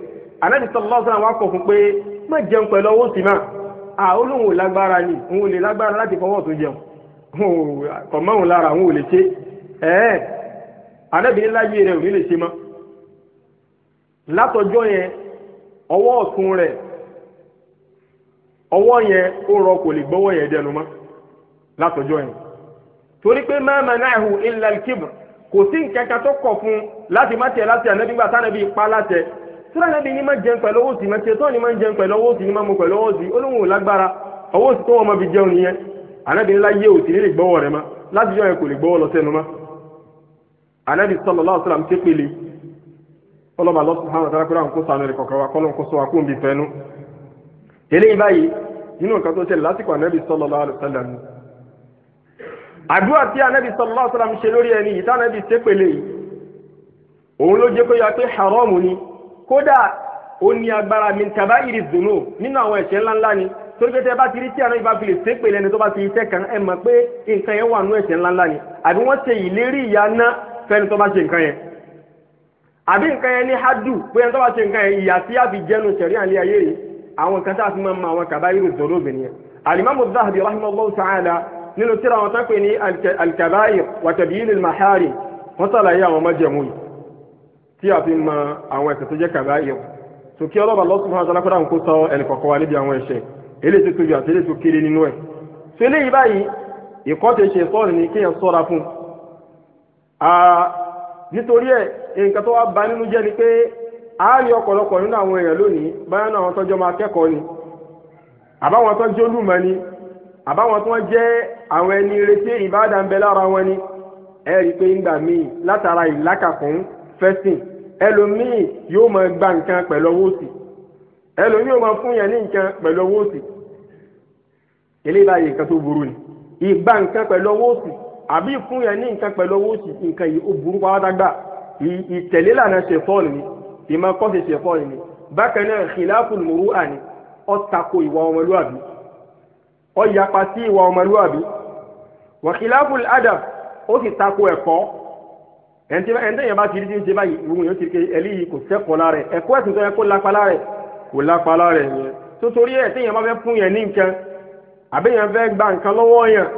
àdáyé arábìnrin láyé rẹ̀ ò ní ma ṣe mọ́ látọjọ́ yẹn ọwọ́ ọ̀tún rẹ̀ ọwọ́ yẹn ó rọ kò lè gbọ́wọ́ yẹn dẹnu mọ́ látọjọ́ yẹn torí pé ma n'aihu illa al-kibr kò sí nǹkan kan tó kọ̀ fún un láti má tẹ̀ láti ànábì gbà tánàbí pa láti sọ́dọ̀ ànábì ni má jẹun pẹ̀lú owó sí ma ṣe tọ́ ni má jẹun pẹ̀lú owó sí ni má mu pẹ̀lú owó sí olóhùn lágbára owó sí tó wọn ma fi jẹun kò lè gbọ́wọ́ anabi sallallahu alaihi wasallam képele ọlọ́mà lọ́sùn hàn ọ̀dára pé àwọn kó sànù rẹ̀ kọ̀ọ̀kan wa kọ́lọ́n kó sọ wa kó ń bi fẹ́nu. eléyìí báyìí nínú nǹkan tó ṣẹlẹ̀ lásìkò anabi sallallahu alaihi wasallam ni. àdúrà tí anabi sallallahu alaihi wasallam ṣe lórí ẹni yìí tánabi ṣépele yìí òun ló jẹ́ kó yọ pé haram ni kódà ó ní agbára min kabairi zunu nínú àwọn ẹ̀ṣẹ̀ ńláńlá ni torípé tẹ bá ti rí tí àná ìbá fi lè ṣépele ẹni tó bá ti iṣẹ́ kan ẹ mọ̀ pé nǹkan yẹn wà nú ẹ̀ṣẹ̀ ńláńlá ni àbí wọ́n ṣe ìlérí ìyá náà fẹ́ni tó bá ṣe nǹkan yẹn àbí nǹkan yẹn ní hadu pé ẹni tó bá ṣe nǹkan yẹn ìyà tí a fi jẹnu sẹ̀rí àlẹ́ ayé yìí àwọn nǹkan tá a fi máa ma àwọn kàbáyìrì zòrò obìnrin alimamu zahabi rahimahullahu ta'ala nínú tíra wọn tán pé ní alkabair wa tabiyin almahari wọn sàlàyé àwọn májẹ̀mú yìí tí a fi ma àwọn ẹ̀ṣẹ̀ tó jẹ́ kàbáyìr so kí ọlọ́ba lọ́sùn fún àtàlà nítorí ẹ̀ nǹkan tó wá bà nínú jẹ́ ni pé a rí ọ̀pọ̀lọpọ̀ nínú àwọn èèyàn lónìí báyọ̀ náà àwọn tọ́jọ́ máa kẹ́kọ̀ọ́ ni àbáwọn tó jẹ́ olùmọ̀ ni àbáwọn tó jẹ́ àwọn ẹni retí ìbáàdà ń bẹ lára wọn ni ẹ rí i pé ńgbà míì látara ìlákàkún fẹ́sìn ẹlòmíì yóò máa gba nǹkan pẹ̀lú owó sí ẹlòmíì yóò máa fún yẹn ní nǹkan pẹ̀lú owó sí eléyìí báyìí nǹkan tó burú ni ìgbà nǹkan pẹ̀lú owó sí àbí fún yẹn ní nǹkan pẹ̀lú owó sì fi nǹkan yìí ó burú pátágbà ìtẹ̀lélànà ṣèfọ́ọ̀lù ni ìmọ̀ kọ́sì ṣèfọ́ọ̀lù ni bákan náà khilaful muru'a ni ó ìwà ọmọlúwàbí ó sí ìwà ọmọlúwàbí wa khilaful adab ó sì tako ẹ̀kọ́ ẹ̀ńtẹ́ yẹn bá ti rí ti ń ṣe báyìí ìwúrò yóò ti rí eléyìí kò sẹ́kọ̀ọ́ lára ẹ̀ ẹ̀kọ́ ẹ̀sìn tó yẹ kó lápá lára ẹ̀ kò lápá lára ẹ̀ yẹn tó torí ẹ̀ tẹ́yìn bá fẹ́ fún yẹn ní nǹkan àbẹ́yẹn fẹ́ gba nǹkan lọ́wọ́ yẹn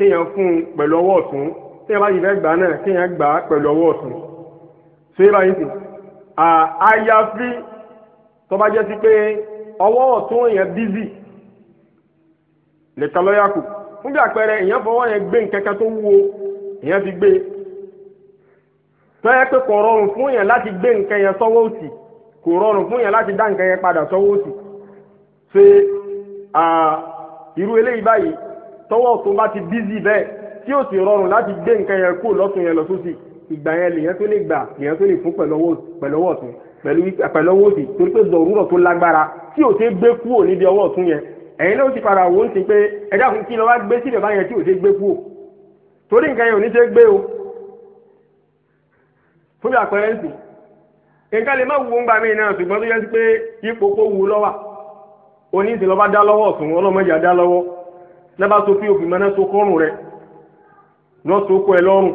kéèyàn fún un pẹ̀lú ọwọ́ ọ̀tún téèyàn bá yìí fẹ́ gbà náà kéèyàn gbà á pẹ̀lú ọwọ́ ọ̀tún ṣé é báyìí sì àyàfi tó bá jẹ́ sí pé ọwọ́ ọ̀tún èèyàn bízì lẹ́ka lọ́yà kù fún bí àpẹẹrẹ èèyàn fọwọ́ yẹn gbé nǹkankan tó wúwo èèyàn fi gbé tó yẹ pé kò rọrùn fún èèyàn láti gbé nǹkan yẹn sọ́wọ́ òsì kò rọrùn fún èèyàn láti dá nǹkan yẹn padà sọ́wọ́ òsì ṣe irú eléyìí báyìí tọwọ́ ọ̀tún bá ti bízì bẹ́ẹ̀ tí ó sì rọrùn láti gbé nǹkan yẹn kó lọ́tún yẹn lọ sósì ìgbà yẹn lèyẹn tó lè gbà lèyẹn tó lè fún pẹ̀lú ọwọ́ ọ̀tún pẹ̀lú ọwọ́ òsì torí pé zọ̀rúrọ̀ tó lágbára tí ò ṣe gbé kúrò níbi ọwọ́ ọ̀tún yẹn ẹ̀yin náà ti padà wò ó ti pé ẹ̀dá fún kí lọ wá gbé sílẹ̀ báyẹn tí ò ṣe gbé kúrò torí nǹkan yẹn ò ní ṣe gbé o fún bí àpẹẹrẹ ń sìn nǹkan lè má wù ń gbà mí náà ṣùgbọ́n tó yẹ sí pé ipò kó wù lọ́wà oníṣẹ́ lọ́ba dá lọ́wọ́ ọ̀tún ọlọ́mọdé á dá lọ́wọ́ náà bá so pé obì mọ́ná so kọ́rùn rẹ̀ náà so kọ́ ẹ lọ́rùn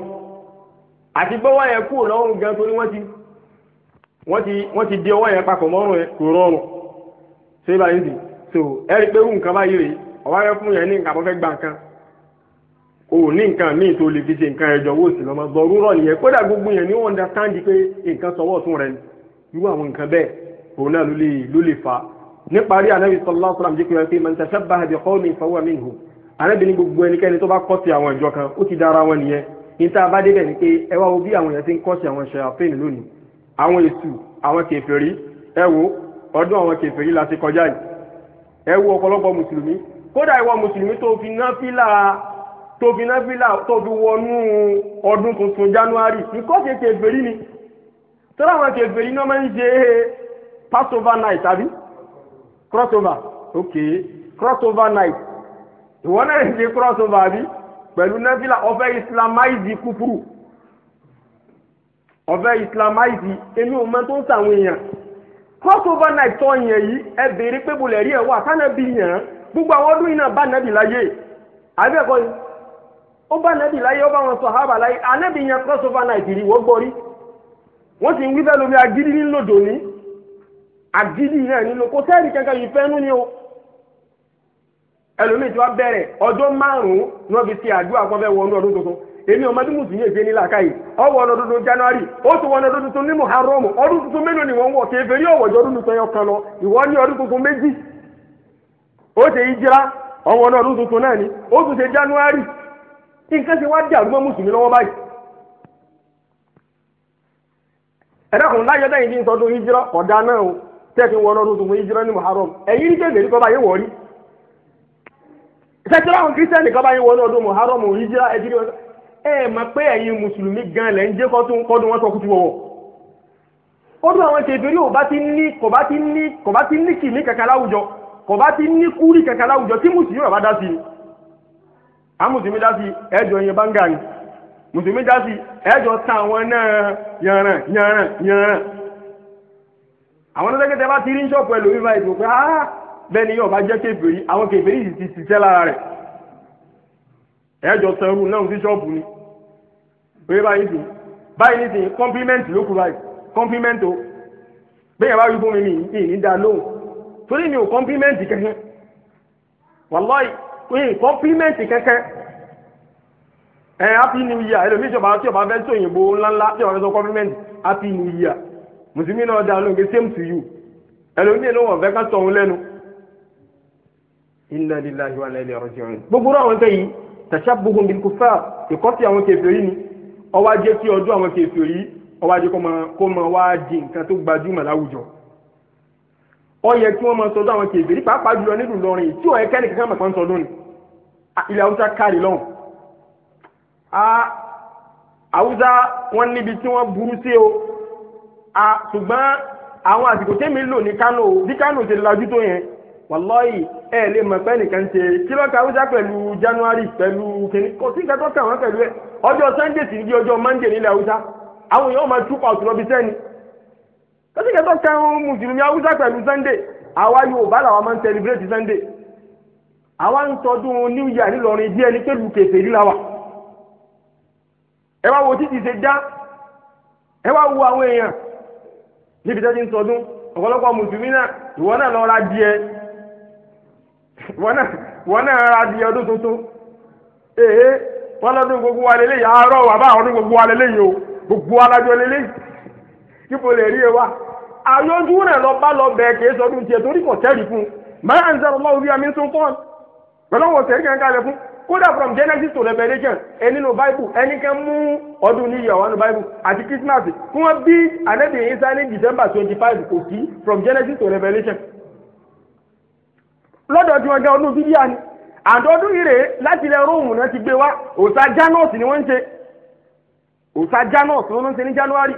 àti bọ́wọ́ yẹn kúrò lọ́rùn gan torí wọ́n ti wọ́n ti wọ́n ti di ọwọ́ yẹn papọ̀ mọ́rùn yẹn kò rọrùn ṣé bá sì so ẹ pé nǹkan báyìí rèé ọwọ́ yẹn fún yẹn ní nǹkan àbọ̀fẹ́ gba nǹkan o ní nǹkan míì tó lè fi ṣe nǹkan ẹ̀jọ̀ owó sì lọ́mọ gbọ́rú rọ̀ nìyẹn kódà gbogbo yẹn ni wọ́n understand pé nǹkan sọwọ́ tún rẹ̀ ni irú àwọn nǹkan bẹ́ẹ̀ òun náà ló lè ló lè fà á níparí Ànábì sallallahu alaihi wasallam jẹ́ kí wọ́n pe man tashabbaha bi qawmin fahuwa minhum arábìnrin gbogbo ẹnikẹ́ni tó bá kọ́ sí àwọn ìjọ kan ó ti dára wọn nìyẹn ní tá a bá débẹ̀ ni pé ẹ wá wo bí àwọn èèyàn ti ń kọ́ sí àwọn ṣàyàfẹ́ẹ̀nì lónìí àwọn èṣù àwọn kèfèrí ẹ wo ọdún àwọn kèfèrí la ti kọjá yìí ẹ wo ọ̀pọ̀lọpọ̀ mùsùlùmí kódà ìwọ mùsùlùmí tó fi náfìlà tó fi náfìlà tó fi wọnú ọdún tuntun january nǹkan ṣe kèfèrí ni tọ́lá àwọn kèfèrí náà máa ń ṣe passover night àbí crossover ok crossover night ìwọ náà lè ṣe crossover bí pẹ̀lú nẹ́fìlà ọ̀fẹ́ islamize kúfúrú ọ̀fẹ́ islamize èmi ò mọ tó ń sàwọn èèyàn crossover náà tọ́ yẹn yìí ẹ pé bolẹ̀ rí ẹ wà yẹn gbogbo àwọn ọdún yìí náà bá láyé àbí ẹ̀kọ́ ó bá láyé ó bá wọn sọ láyé yẹn wọ́n gbọ́ rí wọ́n sì ń wí lómi agídí agídí náà nílò kò sẹ́ẹ̀rì kankan yìí fẹ́ nú ni ẹlòmíì tí wọ́n bẹ̀rẹ̀ ọdún márùn-ún ní wọ́n fi ṣe àdúrà kan fẹ́ wọnú ọdún tuntun èmi ọmọ bí mùsùlùmí ègbé ní làákàyè ọwọ́ ọdún tuntun January ó tún wọ ọdún tuntun ní Muharram ọdún tuntun mélòó ni wọ́n wọ̀ kéferí ọdún tuntun kan lọ ìwọ ní ọdún tuntun méjì ó ṣe ìjìrá ọwọ́ ọdún tuntun náà ni ó tún ṣe January nǹkan ṣe wá dé àdúgbò mùsùlùmí lọ́wọ́ báyìí ń sọdún ọ̀dà náà ní Muharram ẹ̀yìn ìfẹ́tí láwọn kírísítẹ́nì kan bá yín wọnú ọdún muharramu hijira ẹ̀jírí wọn ẹ mọ̀ pé ẹ̀yin mùsùlùmí gan lẹ̀ ń jẹ́ kọ́dún wọn sọkútù wọ̀wọ̀ ọdún àwọn kèfèrí kò bá ti ní kò bá ti ní kò bá ti ní kìmí kankan láwùjọ kò bá ti ní kúrì kankan láwùjọ tí mùsùlùmí bá dá sí i àwọn mùsùlùmí dá sí ẹjọ yẹn ni mùsùlùmí dá sí ẹjọ táwọn náà yànràn yànràn yànràn bá ti rí ṣọ́ọ̀pù ẹlòmíì bẹ́ẹ̀ ni yóò bá jẹ́ kèfèrí àwọn kèfèrí yìí ti ṣiṣẹ́ lára rẹ̀ ẹ̀ẹ́dọ̀ sẹ́rù náà sí ṣọ́ọ̀bù ni pé báyìí sì báyìí ní sìn kọ́mpímẹ́ǹtì ló kù báyìí kọ́mpímẹ́ǹtì o bẹ́ẹ̀ bá wí fún mi mi ìní da lóhùn torí mi ò kọ́mpímẹ́ǹtì kẹ́kẹ́ wàláì ìyìn kọ́mpímẹ́ǹtì kẹ́kẹ́ ẹ̀ happy new year ẹlòmíì tí ọba tí ọba fẹ́ sóyìnbó ńláńlá tí ọba fẹ́ sọ kọ́mpímẹ́ǹtì happy new year mùsùlùmí náà da lóhùn pé same to you ẹlòmíì ló wọ̀n fẹ́ ká sọ òun lẹ́nu inna lillahi wa inna ilayhi raji'un. gbogbo àwọn nǹkan yìí tashabbuhum bil kuffar ìkọ́sí àwọn kèfèrí ni ó wá jẹ́ kí ọjọ́ àwọn kèfèrí ó wá jẹ́ kó mọ wá di nǹkan tó gbajúmọ̀ láwùjọ. ó yẹ kí wọ́n máa sọdọ́ àwọn kèfèrí pàápàá jùlọ nílùú lọ́rin tí ò yẹ kẹ́ni kankan mọ̀ kan sọdún ni ilẹ̀ haúsá kárì lọ́hùn. haúsá wọn níbi tí wọ́n burú sí o ṣùgbọ́n àwọn àsìkò tẹ́mi lò ní Kánò bí Kánò ti lajú tó yẹn wàlọ́ọ̀yì ẹ lè mọ̀ pé nìkan ṣe kí ló ka awúsá pẹ̀lú january pẹ̀lú kìnní kò sí nǹkan tó kà wọ́n pẹ̀lú ẹ ọjọ́ sunday sì ń di ọjọ́ monday nílẹ̀ awúsá àwọn èèyàn máa túpọ̀ ọ̀tún lọ́bi sẹ́ni kò sí nǹkan tó kà wọ́n mùsùlùmí awúsá pẹ̀lú sunday àwa yorùbá làwa máa ń celebrate sunday àwa ń tọdún new year nílọrin díẹ̀ ní pẹ̀lú kẹfẹ́ rí làwà ẹ wá wo títí ṣe dá ẹ wá wo àwọn èèyàn níbi tẹ́tí ń tọdún ọ̀pọ̀lọpọ̀ mùsùlùmí náà ìwọ náà lọ ra díẹ̀ wọn náà ra di ọdún tuntun ee wọn lọdún gbogbo wa lélẹ yìí àárọ̀ wà bá ọdún gbogbo wa lélẹ yìí o gbogbo alájọ lélẹ kíbo lè rí e wa àyọjú rẹ lọ bá lọ bẹ́ẹ̀ kì í sọdún tiẹ̀ torí kò tẹrí fún un máa ń sọ̀rọ̀ lọ́wọ́ bí àmì tún fún ọ pẹ̀lú wọn tẹrí kankan lẹ fún kódà from Genesis to Revelation ẹni Bible ẹni kan mú ọdún ní ìyàwó nù Bible àti Christmas fún wọn bí anabi isa ní December twenty five kò from Genesis to Revelation. lọ́dọ̀ tí ọdún bíbíà ni àtọ́dún yìí rèé láti ilẹ̀ róòmù náà ti gbé wá òòṣà janus ni wọ́n ń ṣe osa janus ló ń ṣe ní january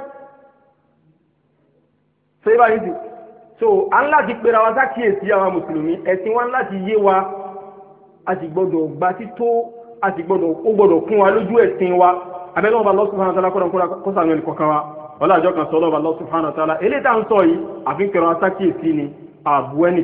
ṣé ibà yìí ti so à ń láti pera wa sákìyèsí àwọn mùsùlùmí ẹ̀sìn wa ń láti yé wa a sì gbọ́dọ̀ gba tító a sì gbọ́dọ̀ ó gbọ́dọ̀ kún wa lójú ẹ̀sìn wa abẹ́lẹ́ wọn bá lọ́sùn fún kan lọ́sùn fún eléyìí tá à ń sọ ni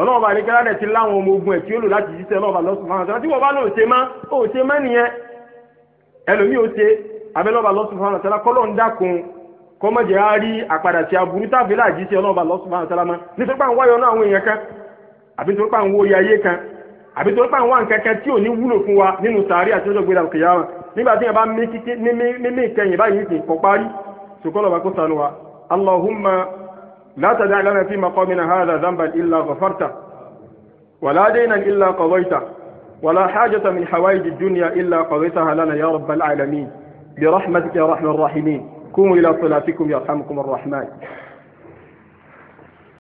ọlọ́run bá nìkan ti láwọn ọmọ ogun ẹ̀ tí ó lò láti jíṣẹ́ ọlọ́run bá lọ́sùn fún àwọn tí wọ́n bá lò ṣe má ó ṣe má nìyẹn ẹlòmíì ó ṣe abẹ́lọ́run bá lọ́sùn fún àwọn tẹ́lá kọ́lọ́run dákun kọ́mọ̀jẹ̀ á rí àpàdà sí aburú táfi láàjì sí ọlọ́run lọ́sùn fún nítorí náà àwọn èèyàn kan àbí nítorí pé ya ayé kan àbí nítorí pé àwọn tí ò ní wúlò fún wa nínú sàárì àti ọjọ́ لا تدع لنا في مقامنا هذا ذنبا إلا غفرته ولا دينا إلا قضيته ولا حاجة من حوائج الدنيا إلا قضيتها لنا يا رب العالمين برحمتك يا رحم الراحمين قوموا إلى صلاتكم يرحمكم الرحمن